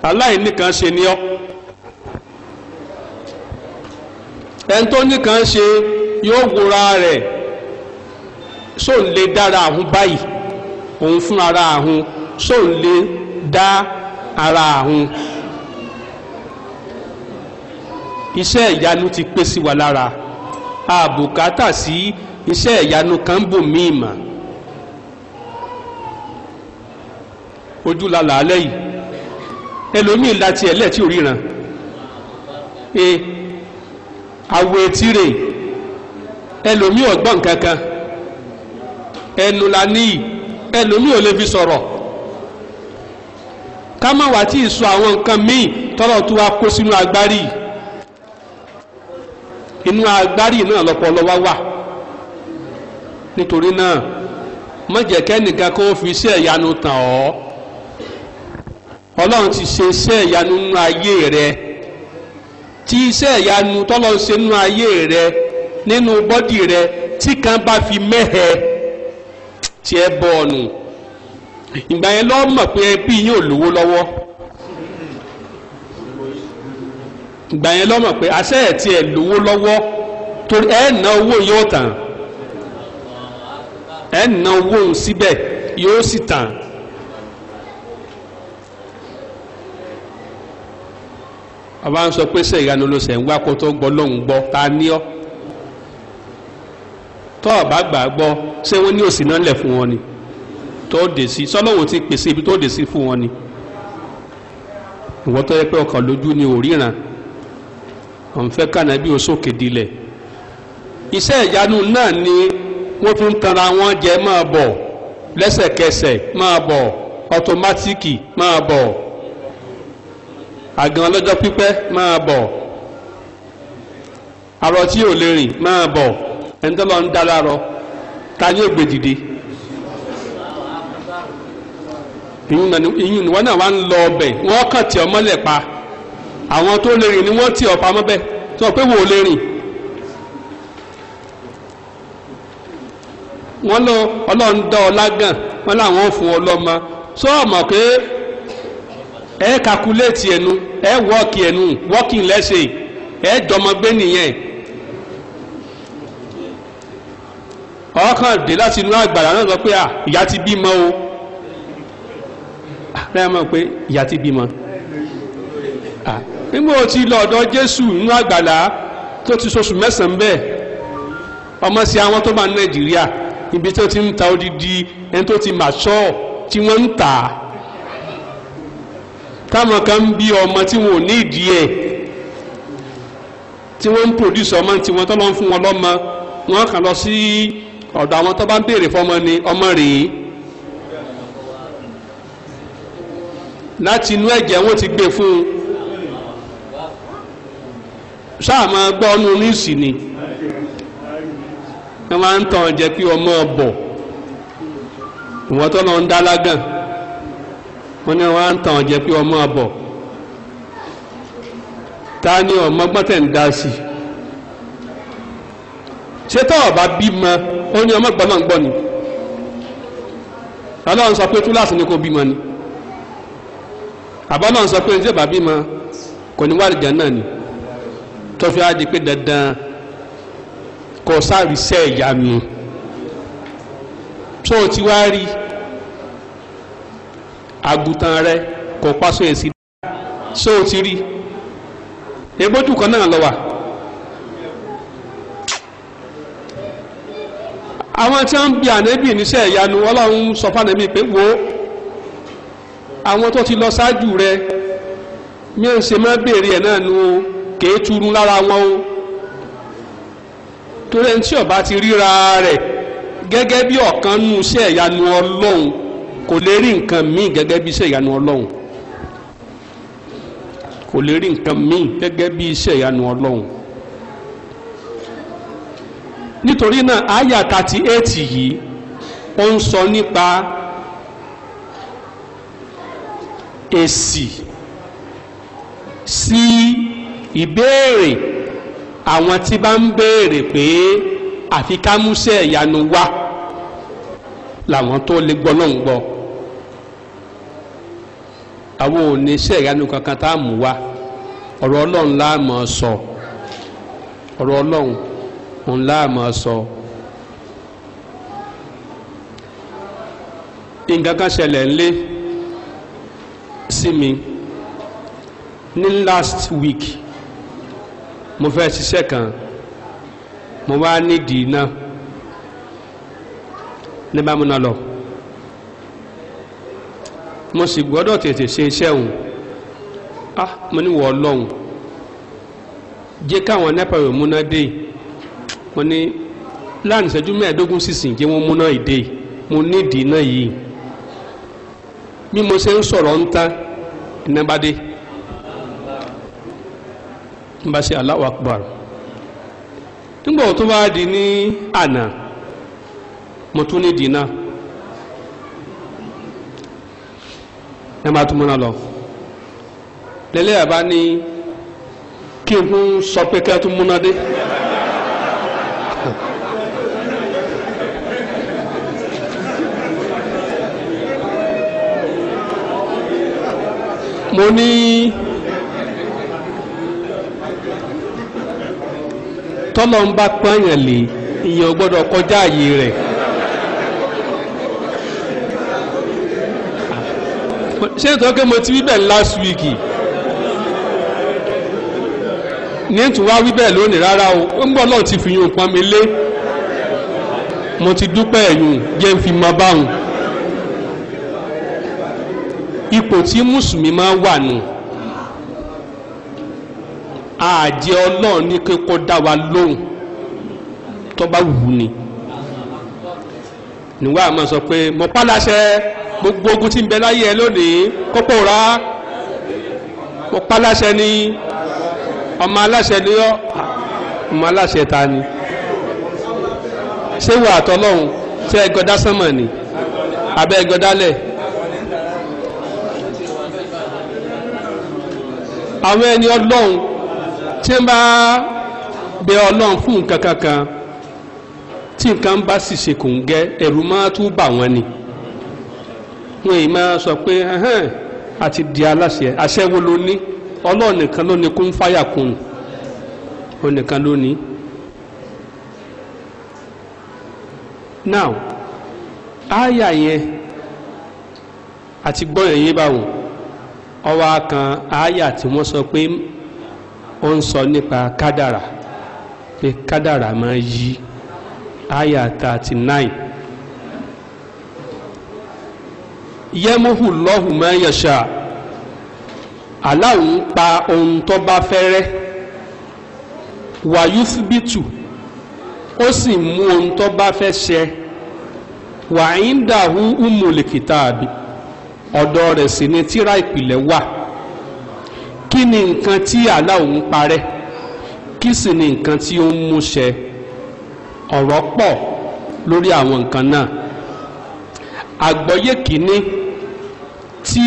aláìníkan ṣe ni ọ́ ẹni tó nìkan ṣe yóò wòra rẹ̀ sóun lè dára àhún báyìí òun fún ara àhún sóun lè dá ara àhún iṣẹ́ ìyanu ti pé sí wa lára àbùkátà sí iṣẹ́ ìyanu kan bò míì mà ojú la làálẹ̀ yìí ẹlòmíì láti ẹ̀lẹ́ tí ò e àwọ̀ etí rèé ẹlòmí ò gbọ́ nǹkan kan ẹnu la níyì ẹlòmí ò lè fi sọ̀rọ̀ ká má wá tí ì sọ àwọn nǹkan míì tọ́lọ̀ tó wá kó sínú agbárí inú agbárí náà lọ́pọlọ wá wà nítorí náà má jẹ́ kẹ́nìkan kó fi iṣẹ́ ìyanu tàn ọ́ ọlọ́run ti ṣe iṣẹ́ ìyanu nínú ayé rẹ tí iṣẹ́ ìyanu tọ́lọ́ ṣe nínú ayé rẹ nínú bọ́dì rẹ tí kan bá fi mẹ́hẹ tí ẹ bọ́ ọ̀nù ìgbà yẹn lọ́ mọ̀ pé ẹbí yín ò lówó lọ́wọ́ ìgbà yẹn lọ́ mọ̀ pé àṣẹ ẹ̀ tí ẹ lówó lọ́wọ́ torí ẹ ná owó yóò tàn ẹ na owó òun síbẹ̀ yóò sì tàn. àbá ń sọ pé sẹ́yìn ìyanu ló sẹ̀ ń wá kó tó gbọ́ lóun gbọ́ ta ní ọ́. tọ́ ọ̀bá gbàgbọ́ ṣé wọ́n ní òsì náà lẹ̀ fún wọn ni tó dé sí ti pèsè ibi tó dé sí fún wọn ni ìwọ́n tó yẹ pé ọkàn lójú ni ò ríran òun fẹ́ kànáà bí osókè dilẹ̀ iṣẹ́ ìyanu náà ni wọ́n fi ń wọn máa bọ̀ lẹ́sẹ̀kẹsẹ̀ máa bọ̀ máa bọ̀ àgàn ọlọ́jọ́ pípẹ́ máa bọ̀ àrọ̀ tí ò lè rìn máa ẹni ń dá lárọ ta ni gbé dìde ìyún náà wà ń lọ ọbẹ̀ wọ́n kàn tí ọ mọ́lẹ̀ pa àwọn tó lè rìn ni wọ́n tí ọ pamọ́ bẹ́ẹ̀ sọ pé wò ó lè rìn. wọ́n lọ ọlọ́run dá ọ lágàn wọ́n láwọn ọ ọmọ pé ẹ kakuléètì ẹnu ẹ ẹnu ọkàn dé láti inú àgbàrá náà sọ pé à ìyá ti bímọ o lẹ́yìn mọ̀ pé ìyá ti bímọ nígbà ó ti lọ ọ̀dọ̀ Jésù inú àgbàlá tó ti sọ̀sù mẹ́sàn-án bẹ́ẹ̀ ọmọ sí àwọn tó máa ní Nàìjíríà ibi tó ti ń ta odidi ẹni tó ti mà sọ tí wọ́n ń tà á táwọn kan ń bí ọmọ tí wọn ò ní ìdí ẹ̀ tí wọ́n ń produce ọmọ tí wọ́n tọ́ fún wọn lọ́mọ wọ́n kàn lọ sí ọ̀dọ̀ àwọn tó bá ń béèrè fọmọ ni ọmọ rèé láti inú ẹ̀jẹ̀ wọn ti gbé fún un sáà máa gbọ́ ọ́nù níìsì ni wọ́n máa ń tàn jẹ́ pé ọmọ ọ̀bọ̀ ìwọ́n tó lọ ń dá lágàn wọ́n ní wọ́n á ń tàn jẹ́ pé ọmọ ọ̀bọ̀ ta ni ọmọ gbọ́tẹ̀ ń dá sí ṣé tọ́ ọ̀bá bímọ ó ní ọmọ gbọ́nà gbọ́ ni ọlọ́run sọ pé túláàsì ni kò bímọ ni àbọ̀ ọlọ́run sọ pé ní bàbá bímọ kò ní wà lìjà náà ni tó fi á di pé dandan kò sáré sẹ́ ẹ̀yà mi tó ti wá rí àgùntàn rẹ kò pásó èsì dáa tó ti rí ebójú kan náà lọ wà. àwọn tí wọ́n ń bi ànẹ́bì níṣẹ́ ìyanu ọlọ́run sọ fánẹ́bì pé wo àwọn tó ti lọ ṣáájú rẹ mi ò ṣe máa béèrè ẹ̀ náà nu kèé turun lára wọn o torí ẹni tí ọba ti ríra rẹ̀ gẹ́gẹ́ bí ọ̀kan nu iṣẹ́ ìyanu ọlọ́run kò lè rí nǹkan míì gẹ́gẹ́ bí iṣẹ́ ìyanu ọlọ́run kò lè rí nǹkan míì gẹ́gẹ́ bí iṣẹ́ ìyanu ọlọ́run nítorí náà àyà thirty eight yìí ó ń sọ nípa èsì sí ìbéèrè àwọn tí bá ń béèrè pé àfi ká múṣẹ́ ìyanu wá làwọn tó lè gbọ́ náà ń gbọ́ àwọn ò iṣẹ́ ìyanu kankan tá a mú wá ọ̀rọ̀ ọlọ́run la máa sọ ọ̀rọ̀ ọlọ́run ńlá máa sọ. nǹkan kan ṣẹlẹ̀ ńlé sí mi ní last week mo fẹ́ ṣiṣẹ́ kan mo wá nídìí náà ní bá mo náà lọ mo sì gbọ́dọ̀ tètè ṣe iṣẹ́ òun ah mo ní wọ́ ọlọ́run jẹ́ káwọn nẹ́pà rẹ̀ múná dé yìí mo ní láàrin ìṣẹ́jú mẹ́ẹ̀ẹ́dógún sísìn jẹ́ wọ́n múná ìdè mo nídìí iná yìí bí mo ṣe ń sọ̀rọ̀ ń tán iná bá dé n bá ṣe Allahu Akbar nígbà tó bá di ní àná mo tún nídìí náà ẹ máa tún múná lọ lẹ́lẹ́yà bá ní kí n kún sọ pé kí a tún múná dé. mo ní tọ́lọ̀ ń bá pọ́nyàn lè ìyẹn ò gbọ́dọ̀ kọjá àyè rẹ̀ ṣé ìtọ́ pé mo ti wí bẹ́ẹ̀ last week ní tún wá wí bẹ́ẹ̀ lónìí rárá o ń gbọ́ náà ti fi yún pọ́n mi lé mo ti dúpẹ́ ẹ̀yún jẹ́ ń fi mọ báwọn ipò tí mùsùlùmí máa wà nù àjẹ ọlọ́run ní kíkọ́ dá wa lóhùn tó wù ni níwá àmọ́ sọ pé mọ̀ páláṣẹ gbogbo ogun tí ń bẹ láyé ẹ lónìí kókó rà mọ̀ páláṣẹ ni ọmọ aláṣẹ ni ọ ah, ọmọ aláṣẹ ta ni ṣé wà àtọ́lọ́hún tí ẹ gọdá sánmọ̀ ni abẹ́ gọdálẹ̀. àwọn ẹni ọlọ́run tí ń bá bẹ ọlọ́run fún nǹkan kankan tí nǹkan bá sì ṣe kò ń gẹ ẹ̀rù máa tún bà wọ́n ni wọ́n yìí máa sọ pé àti di aláṣẹ àṣẹ wo ló ní ọlọ́run nìkan ló ní kó ń fáyà kùn aya yẹn àti yẹn bá ọwa kan àyà tí wọ́n sọ pé ó ń sọ nípa kádàrà pé kádàrà máa yí àyà thirty nine yẹ́múhù lọ́hùn máa yẹ̀ṣà aláwọ̀ ń pa ohun tó bá fẹ́rẹ́ wàyúfúbítù ó sì mú ohun tó bá fẹ́ ṣẹ wàyíndàhù umùlìkìtàbí. ọ̀dọ̀ rẹ̀ sì ni tírà ìpìlẹ̀ wà kí ni nǹkan tí àlá òun parẹ́ kí sì ni nǹkan tí ó ń múṣẹ ọ̀rọ̀ pọ̀ lórí àwọn nǹkan náà àgbọ́yé kìíní tí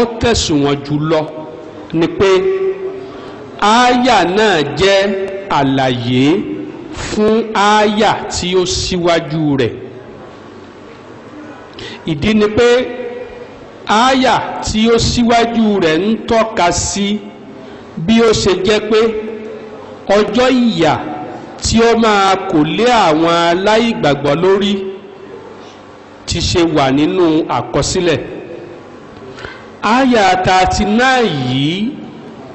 ó tẹ̀sùwọ̀n jùlọ ni pé ááyà náà jẹ́ àlàyé fún ááyà tí ó síwájú rẹ̀ ìdí ni pé Aya tí ó síwájú rẹ̀ ń tọ́ka sí bí ó ṣe jẹ́ pé ọjọ́ ìyà tí ó máa kò lé àwọn aláìgbàgbọ́ lórí ti ṣe wà nínú àkọsílẹ̀ àyà tààtì náà yìí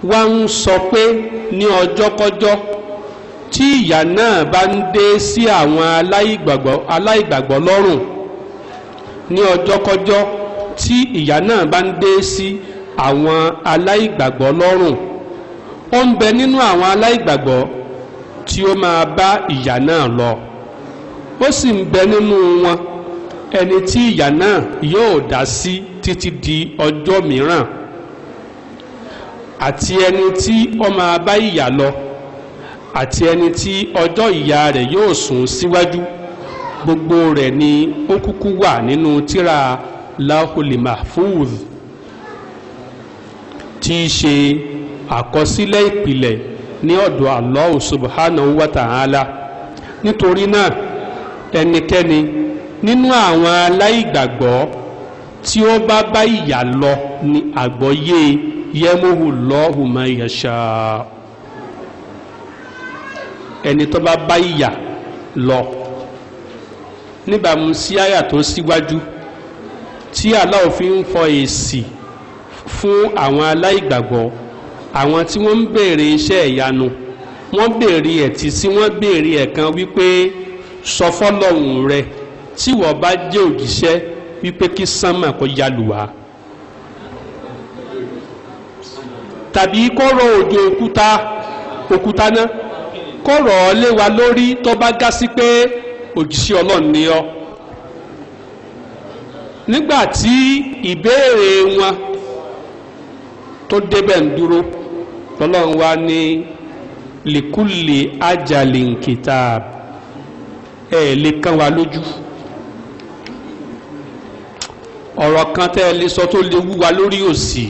wá ń sọ pé ní ọjọ́kọ́jọ́ tí ìyà náà bá ń dé sí àwọn aláìgbàgbọ́ lọ́rùn ní ọjọ́kọ́jọ́ tí ìyà náà bá ń dé sí àwọn aláìgbàgbọ́ lọ́rùn ó ń bẹ nínú àwọn aláìgbàgbọ́ tí ó máa bá ìyà náà lọ ó sì ń bẹ nínú wọn ẹni tí ìyà náà yóò dá sí títí di ọjọ́ mìíràn àti ẹni tí ó máa bá ìyà lọ àti ẹni tí ọjọ́ ìyà rẹ̀ yóò sún síwájú gbogbo rẹ̀ ni ó kúkú wà nínú tírà láhùlì mahfuz tí í ṣe àkọsílẹ̀ ìpìlẹ̀ ní ọ̀dọ̀ Allah subhanahu wa ta'ala nítorí náà ẹnikẹ́ni nínú àwọn aláìgbàgbọ́ tí ó bá bá ìyà lọ ní àgbọ́yé yẹmúhù lọ́hù máa yẹ̀ṣà ẹni tó bá bá ìyà lọ níbàámu sí àyà tó síwájú. Si tí aláwọ̀ fi ń fọ èsì fún àwọn aláìgbàgbọ́ àwọn tí wọ́n ń béèrè iṣẹ́ ìyanu wọ́n béèrè ẹ̀tì sí wọ́n béèrè ẹ̀kan wípé sọ fọ́lọ́hùn rẹ tí wọ́n bá jẹ́ òjíṣẹ́ wípé kí sánmà kó yalùwà tàbí kọ́rọ̀ òjò òkúta òkúta náà kọ́rọ̀ ọ lé wa lórí tó bá gá sí pé òjíṣẹ́ ọlọ́run ni ọ́ nígbà tí ìbéèrè wọn tó débẹ̀ ń dúró lọ́lọ́run wá ní likuli ajalin kitab ẹ lè kán wa lójú ọ̀rọ̀ kan tẹ́ ẹ lè sọ tó lè wúwa lórí òsì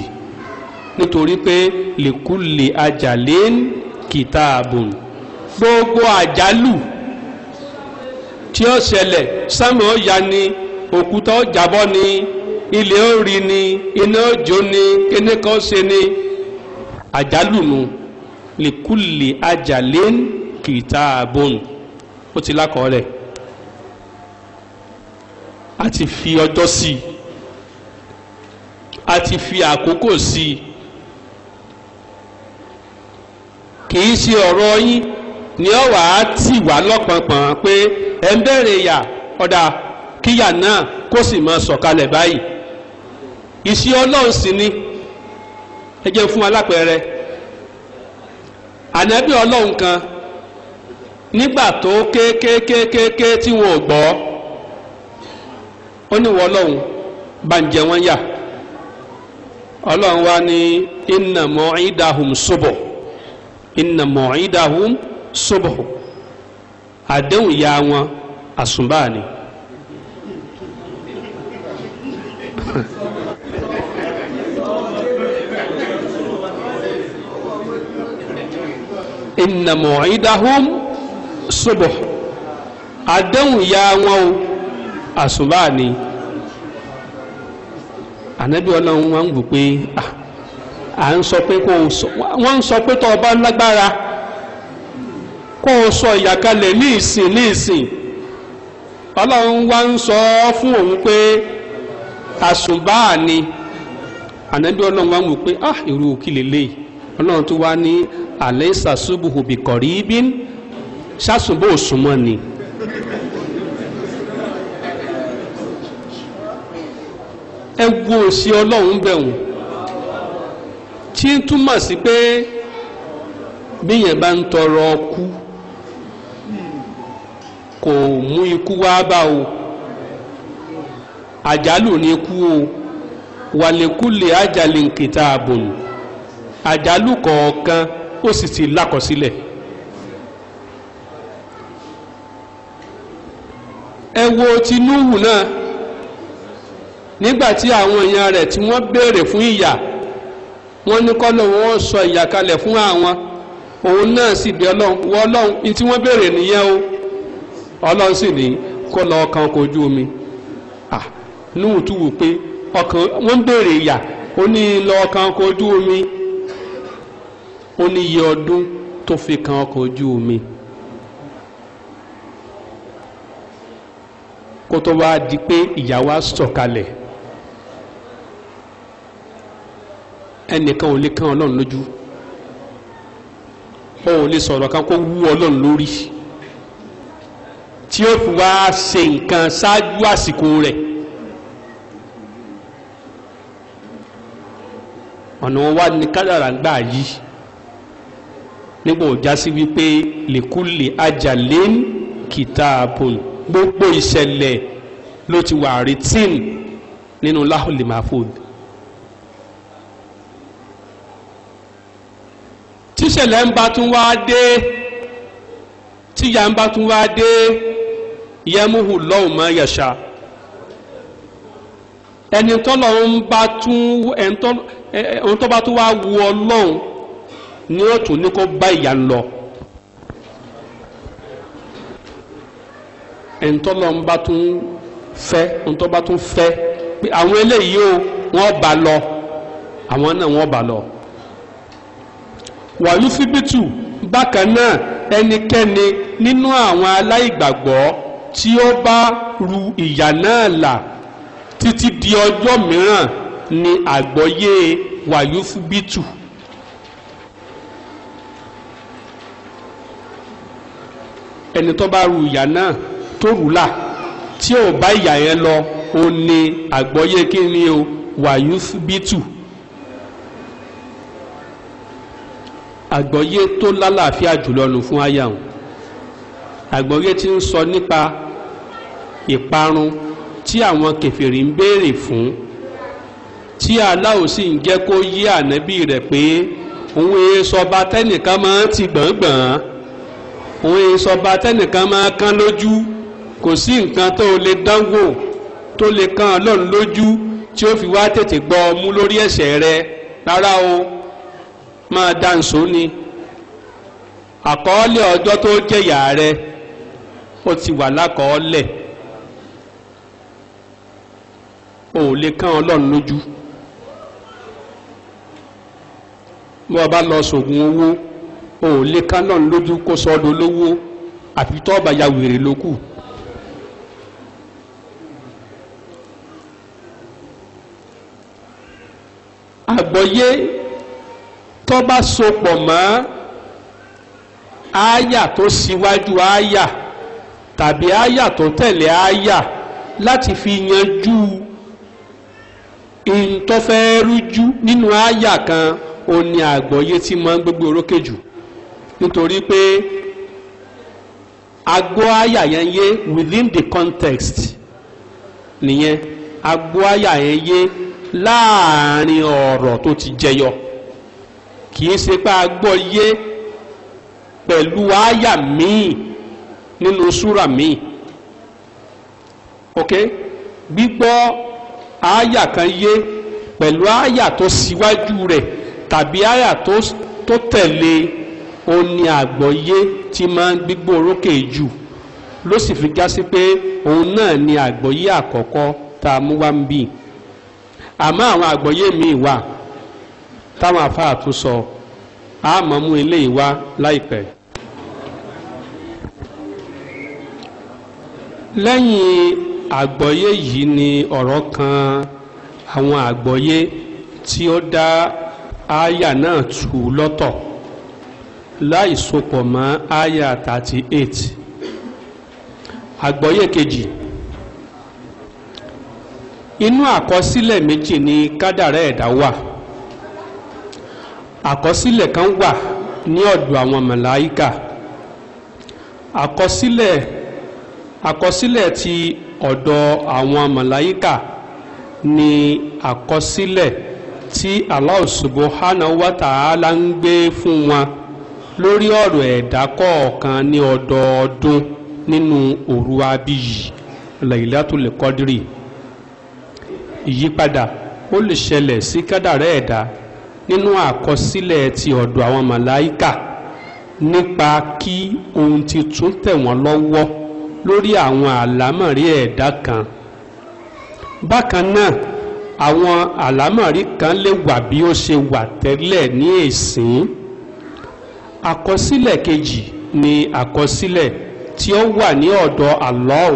nítorí pé likuli ajalin kitabun gbogbo àjálù tí ó ṣẹlẹ̀ sámi ó ya ni òkúta ó jábọ́ ni ilé ó ni iná ó jó ni kíní kan ṣe ni àjálùnú lèkúlè ajalén kìtàbọ̀n ó ti lákọ̀ọ́lẹ̀ a ti fi ọjọ́ sí i a ti fi àkókò sí i kì ṣe ọ̀rọ̀ yín ni ọ wàá tì wá lọ́pọ̀npọ̀n pé ẹ̀ ń bẹ̀rẹ̀ ìyà ọ̀dà kíyà náà kó sì máa sọ̀kalẹ̀ báyìí ìṣe ọlọ́run sì ni ẹ jẹ́ fún alápẹ̀rẹ̀ ànábì ọlọ́run kan nígbà tó kékékékéké tí wọn ò gbọ́ ó ní wọ ọlọ́run bá ń jẹ wọ́n yà ọlọ́run wa ní inna mu'idahum subuh inna mu'idahum subuh àdéhùn ya wọn àsùnbáà ni. inna mu'idahum subuh adan ya ngau asubani anabi ona wan gbo pe ah an so pe ko so wan so pe to ba lagbara ko so ya kale ni isin ni isin ọlọrun wa ń sọ fún òun àṣùbáà ni ànábì ọlọ́run wá wò pé ah irú lélẹ́yìí ọlọ́run tó wá ní àlẹ́ ibi bìkọ̀rí bí ni. ẹ wo ọlọ́run bẹ̀wọ̀n tí ń túmọ̀ sí pé bá ń tọrọ ọkú kò mú ikú wá bá àjálù ní kú o wàlékúlè àjálù nkìtà àbòlù àjálù kọ̀ọ̀kan ó sì ti lákọsílẹ̀ ẹ wo tinubu náà nígbà tí àwọn èèyàn rẹ̀ tí wọ́n béèrè fún ìyà wọ́n ní kọ́ lóun wọ́n sọ ìyà kalẹ̀ fún àwọn òun náà sì bẹ ọlọ́run wọ́n ọlọ́run tí wọ́n béèrè nìyẹn o ọlọ́run sì ní kó lọ́ọ́ kan kojú omi. lóhùn tó wù pé ọkàn wọ́n ń béèrè ìyà ó ní lọ ọkàn ọkọ̀ ojú omi ó ní iye ọdún tó fi kan ọkọ̀ ojú omi kó tó wá di pé ìyà wá sọ̀kalẹ̀ ẹnìkan ò lè kan ọlọ́run lójú ó ò lè sọ̀rọ̀ kan kó wú ọlọ́run lórí tí ó fi wá ṣe nǹkan ṣáájú àsìkò rẹ̀. ọ̀nà wọn wá ní kádàrà gbà yí nígbà òjá sí wípé lèkúlè ajalén kìtààbùn gbogbo ìṣẹ̀lẹ̀ ló ti wà rìtín nínú láhùlì mahfud tíṣẹ̀lẹ̀ ń bá tún wá dé tíyà ń bá tún wá dé yẹmuhu lọ́hùn mọ́ yẹ̀ṣà ẹni tọ́lọ̀ ń bá tún ẹni tó bá tún wá wu ọlọ́run ni ó tún ní kó bá ìyá ń lọ ẹni tọ́lọ̀ ń bá tún fẹ́ ẹni tó bá tún fẹ́ pé àwọn eléyìí o wọ́n bá lọ àwọn náà wọ́n bá lọ wàyú síbítù bákan náà ẹnikẹ́ni nínú àwọn aláìgbàgbọ́ tí ó bá ru ìyà náà là títí di ọjọ́ mìíràn ni àgbọ́yé wàyúfúbítù ẹni tó bá ru ìyá náà tó rù là tí ò bá ìyá yẹn lọ ó ní àgbọ́yé kí ni o wàyúfúbítù àgbọ́yé tó lálàáfíà jùlọ nù fún àyà wọn àgbọ́yé tí ń sọ nípa ìparun. E tí àwọn kèfèrí ń béèrè fún tí aláwo sì ń jẹ́ kó yí ànábì rẹ̀ pé òun èé sọba tẹ́nìkan máa ti gbọ̀ngbọ̀n òun èé sọba tẹ́nìkan máa kán lójú kò sí nǹkan tó lè dánwò tó lè kán ọlọ́run lójú tí ó fi wá tètè gbọ́ ọ lórí ẹ̀ṣẹ̀ rẹ rárá o máa dá nsọ ni àkọọ́lẹ̀ ọjọ́ tó jẹ̀yà rẹ ó ti wà lákọọ́lẹ̀ o ò lè kán ọlọ́run lójú bí bá lọ sògùn owó o ò lè kán ọlọ́run lójú kó sọ ọ́ dolówó àfi tọ́ọ̀bà ya wèrè ló kù. àgbọ́yé tọ́ba sopọ̀ mọ́ ááyà tó síwájú ááyà tàbí ááyà tó tẹ̀lé ááyà láti fi yanjú ìǹtọ́fẹ́ rújú nínú àyà kan ó ní àgbọ́yé tí máa ń orókè jù nítorí pé agbó àyà yẹn yé within the context nìyẹn agbó àyà yẹn yé láàrin ọ̀rọ̀ tó ti jẹyọ kì í ṣe pé agbó yé pẹ̀lú àyà míì nínú súrà míì ok gbígbọ́ àyà kan yé pẹ̀lú àyà tó síwájú rẹ̀ tàbí àyà tó tẹ̀lé òní àgbọ́yé tí máa ń gbígbó orókè jù ló sì fi já sí pé òun náà ni àgbọ́yé àkọ́kọ́ tá a mú wá ń bì àmọ́ àwọn àgbọ́yé míì wà táwọn afáà tún sọ a máa mú eléyìí wá láìpẹ́. lẹ́yìn àgbọ́yé yìí ni ọ̀rọ̀ kan àwọn àgbọ́yé tí ó dá àyà náà tú lọ́tọ̀ láì sopọ̀ mọ́ àyà thirty eight àgbọ́yé kejì inú àkọsílẹ̀ méjì ni kádàrá ẹ̀dá wà àkọsílẹ̀ kan wà ní ọ̀dọ̀ àwọn màláíkà àkọsílẹ̀ àkọsílẹ̀ ti ọ̀dọ̀ àwọn màláyíkà ni àkọsílẹ̀ tí Allah subhanahu wa ta'ala ń gbé fún wọn lórí ọ̀rọ̀ ẹ̀dá kọ̀ọ̀kan ní ọdọọdún nínú òru abiyì Laylatul Qadri ìyípadà ó lè ṣẹlẹ̀ sí kádàrá ẹ̀dá nínú àkọsílẹ̀ ti ọ̀dọ̀ àwọn màláíkà nípa kí ohun ti titun tẹ̀ wọ́n lọ́wọ́. lórí àwọn àlámọ̀rí ẹ̀dá kan bákan náà àwọn àlámọ̀rí kan lè wà bí ó ṣe wà tẹ́lẹ̀ ní èsìn àkọsílẹ̀ kejì ni àkọsílẹ̀ tí ó wà ní ọ̀dọ̀ Allah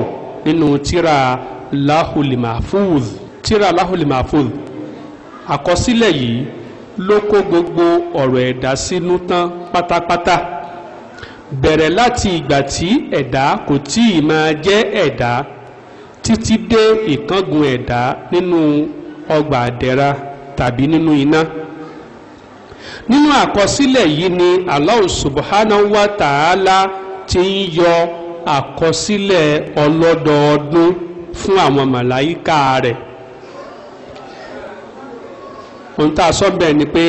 nínú tírà Lahul Mahfuz tírà Lahul Mahfuz àkọsílẹ̀ yìí ló kó gbogbo ọ̀rọ̀ ẹ̀dá sínú tán pátápátá. Pata, pata bẹ̀rẹ̀ láti ìgbà tí ẹ̀dá kò tí ì máa jẹ́ ẹ̀dá títí dé ìkángun ẹ̀dá nínú ọgbà àdẹ́ra tàbí nínú iná nínú àkọsílẹ̀ yìí ni Allah subhanahu wa ta'ala ti ń yọ àkọsílẹ̀ ọlọ́dọọdún fún àwọn malayika rẹ̀ ohun tá a sọ bẹ́ẹ̀ ni pé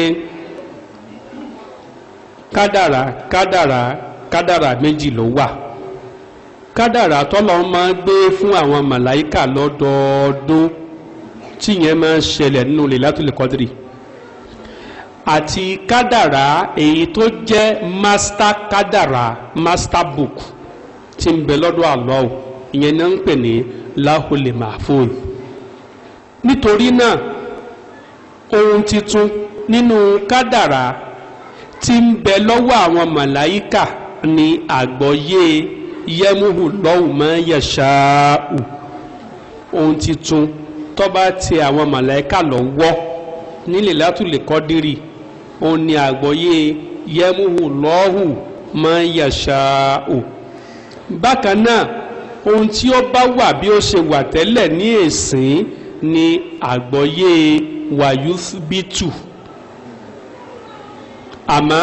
kádàrà méjì ló wà kádàrà tọ́lọ́ máa ń gbé fún àwọn màláìkà lọ́dọọdún tíyẹn máa ń ṣẹlẹ̀ nínú Lailatul Qadri àti kádàrà èyí tó jẹ́ master kádàrà master book tí ń bẹ lọ́dọ̀ Allah ìyẹn náà ń pè ní Lahul Mahfuz nítorí náà ohun titun nínú kádàrà tí ń bẹ lọ́wọ́ àwọn màláìkà ni àgbọ́yé yẹmúhù lọ́hùn mọ́ yẹ̀ṣáù ohun titun tọ́ba ti àwọn màláíkà lọ́wọ́ nílẹ̀ látùlẹ̀ kọ́dírì òun ni àgbọ́yé yẹmúhù lọ́hùn mọ́ yẹ̀ṣáù bákan náà ohun tí ó bá wà bí ó ṣe wà tẹ́lẹ̀ ní èsìn ni àgbọ́yé wàyúbítù àmọ́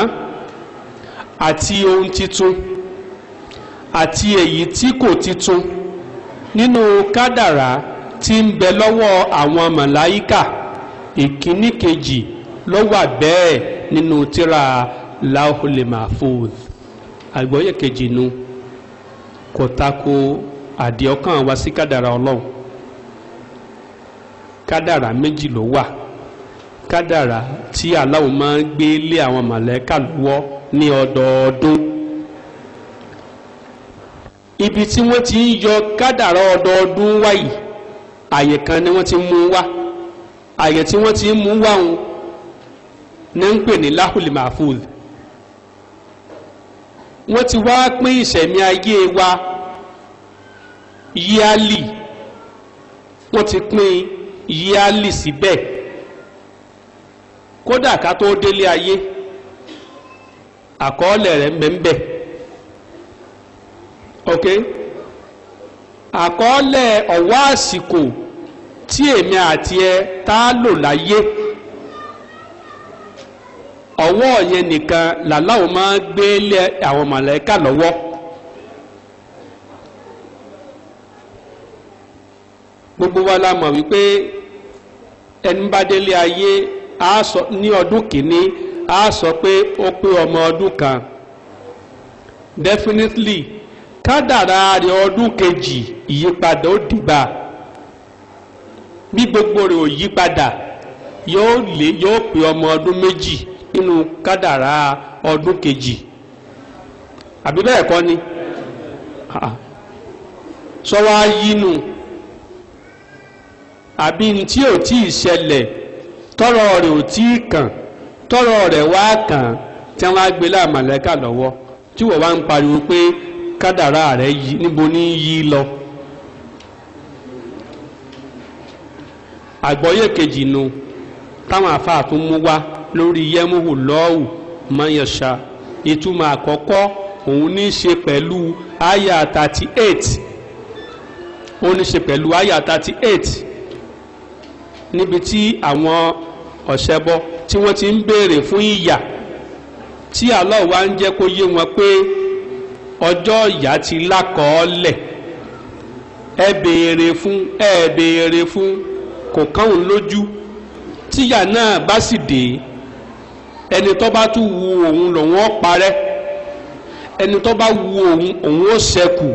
àti ohun titun àti èyí tí kò titun nínú kádàrá tí ń bẹ lọ́wọ́ àwọn màláíkà ìkíní kejì ló wà bẹ́ẹ̀ nínú tírà láhùlẹ̀ mahfuz àgbọ́yé kejì nu kò tako àdìọ́kàn wa sí kádàrá ọlọ́run kádàrá méjì ló wà kádàrá tí Allah máa ń gbé lé àwọn màláíkà lọ́wọ́ ní ọdọọdún ibi tí wọ́n ti ń yọ kádàrá ọdọọdún wá yìí àyè kan ni wọ́n ti mú wá àyè tí wọ́n ti mú wá òun ní ń pè ní láhùlì mahfuz wọ́n ti wá pín ìṣẹ̀mí ayé wa yíálì wọ́n ti pín yíálì síbẹ̀ kódà ká tó délé ayé. Si àkọọ́lẹ̀ rẹ̀ mbẹ́mbẹ́ ok àkọọ́lẹ̀ ọ̀wọ́ àsìkò tí èmi àti ẹ tá a lò láyé ọwọ́ yẹn nìkan làláwo máa gbé lé àwọn lọ́wọ́ gbogbo wa la mọ̀ wípé ayé ní ọdún kìíní a sọ pé ó pé ọmọ ọdún kan definitely kádàrá rẹ̀ ọdún kejì ìyípadà ó dìgbà bí gbogbo rẹ̀ ò yípadà yóò lé yóò pé ọmọ ọdún méjì nínú kádàrá ọdún kejì àbí bẹ́ẹ̀ kọ́ ni sọ wá yínú àbí ní tí ò tí ì ṣẹlẹ̀ tọ́rọ̀ ò tí ì kàn. tọrọ rẹ̀ wá kàn tí wọ́n á gbé láàmàlẹ́kà lọ́wọ́ tí wọ́n wá ń pariwo pé kádàrá rẹ̀ níbo ní yí lọ. àgbọ́yé kejì nu táwọn àfáà tún mú wá lórí yẹ́múhù lọ́ọ̀hù mọ́yẹ̀ṣà ìtumọ̀ àkọ́kọ́ òun ní í ṣe pẹ̀lú àyà thirty eight ó ní í ṣe pẹ̀lú àyà thirty eight níbi tí àwọn ọ̀ṣẹ́bọ tí wọ́n ti ń béèrè fún ìyà tí Allah wa ń jẹ́ kó yé wọn pé ọjọ́ ìyà ti lákọ̀ọ́lẹ̀ ẹ béèrè fún ẹ béèrè fún kò káwọn lójú tíyà náà bá sì dé ẹni tó bá tún wu òun lòun ó parẹ́ ẹni tó bá wu òun òun ó ṣẹ́kù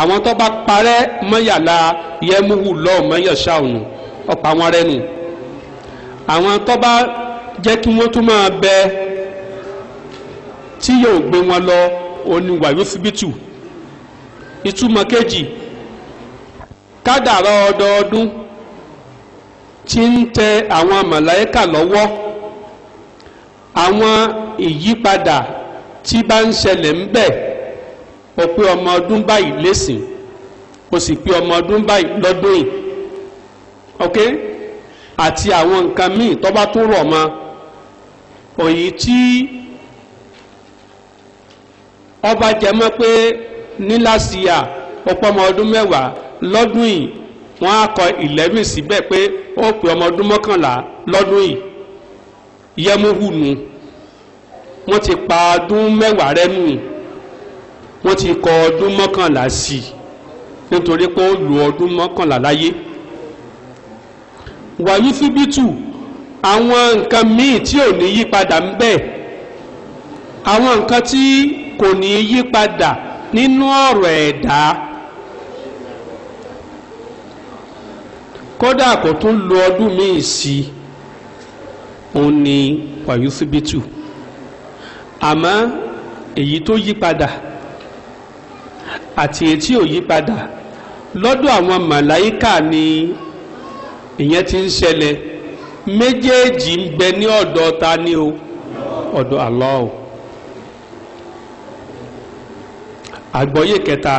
àwọn tó bá parẹ́ mọ́yàlá yẹmúhù lọ́ọ̀ mọ́yàṣá òun ọ̀pọ̀ àwọn arẹ́nu àwọn tó bá jẹ́ kí wọ́n tún máa bẹ tí yóò gbé wọn lọ òní wàyófíbítù ìtumọ̀ kejì kádàrá ọdọọdún tí ń tẹ àwọn màláíkà lọ́wọ́ àwọn ìyípadà tí bá ń ṣẹlẹ̀ ń bẹ̀ ó pé ọmọ ọdún báyìí lẹ́sìn ó sì pé ọmọ ọdún báyìí lọ́dún yìí ok àti àwọn nǹkan míì tó bá tún rọ̀ mọ́ òyì tí ọba jẹ mọ́ pé ní last year ọmọ ọdún mẹ́wàá lọ́dún yìí wọ́n á kọ eleven síbẹ̀ pé ó pè ọmọ ọdún mọ́kànlá lọ́dún yìí yẹmúhù nù wọ́n ti pa ọdún mẹ́wàá rẹ́ nù wọ́n ti kọ ọdún mọ́kànlá sí i nítorí pé ó lo ọdún mọ́kànlá láyé wàyí síbítù àwọn nǹkan míì tí ò ní yí padà ń bẹ àwọn nǹkan tí kò ní yí padà nínú ọ̀rọ̀ ẹ̀dá kódà kò tún lo ọdún míì sí i òun ni wàyí síbítù àmọ́ èyí tó yí padà àti èyí tí ò yí padà lọ́dọ̀ àwọn màláíkà ni ìyẹn ti ń ṣẹlẹ̀ méjèèjì ń bẹ ní ọ̀dọ̀ ta ni o ọ̀dọ̀ Allah o àgbọ́yé kẹta.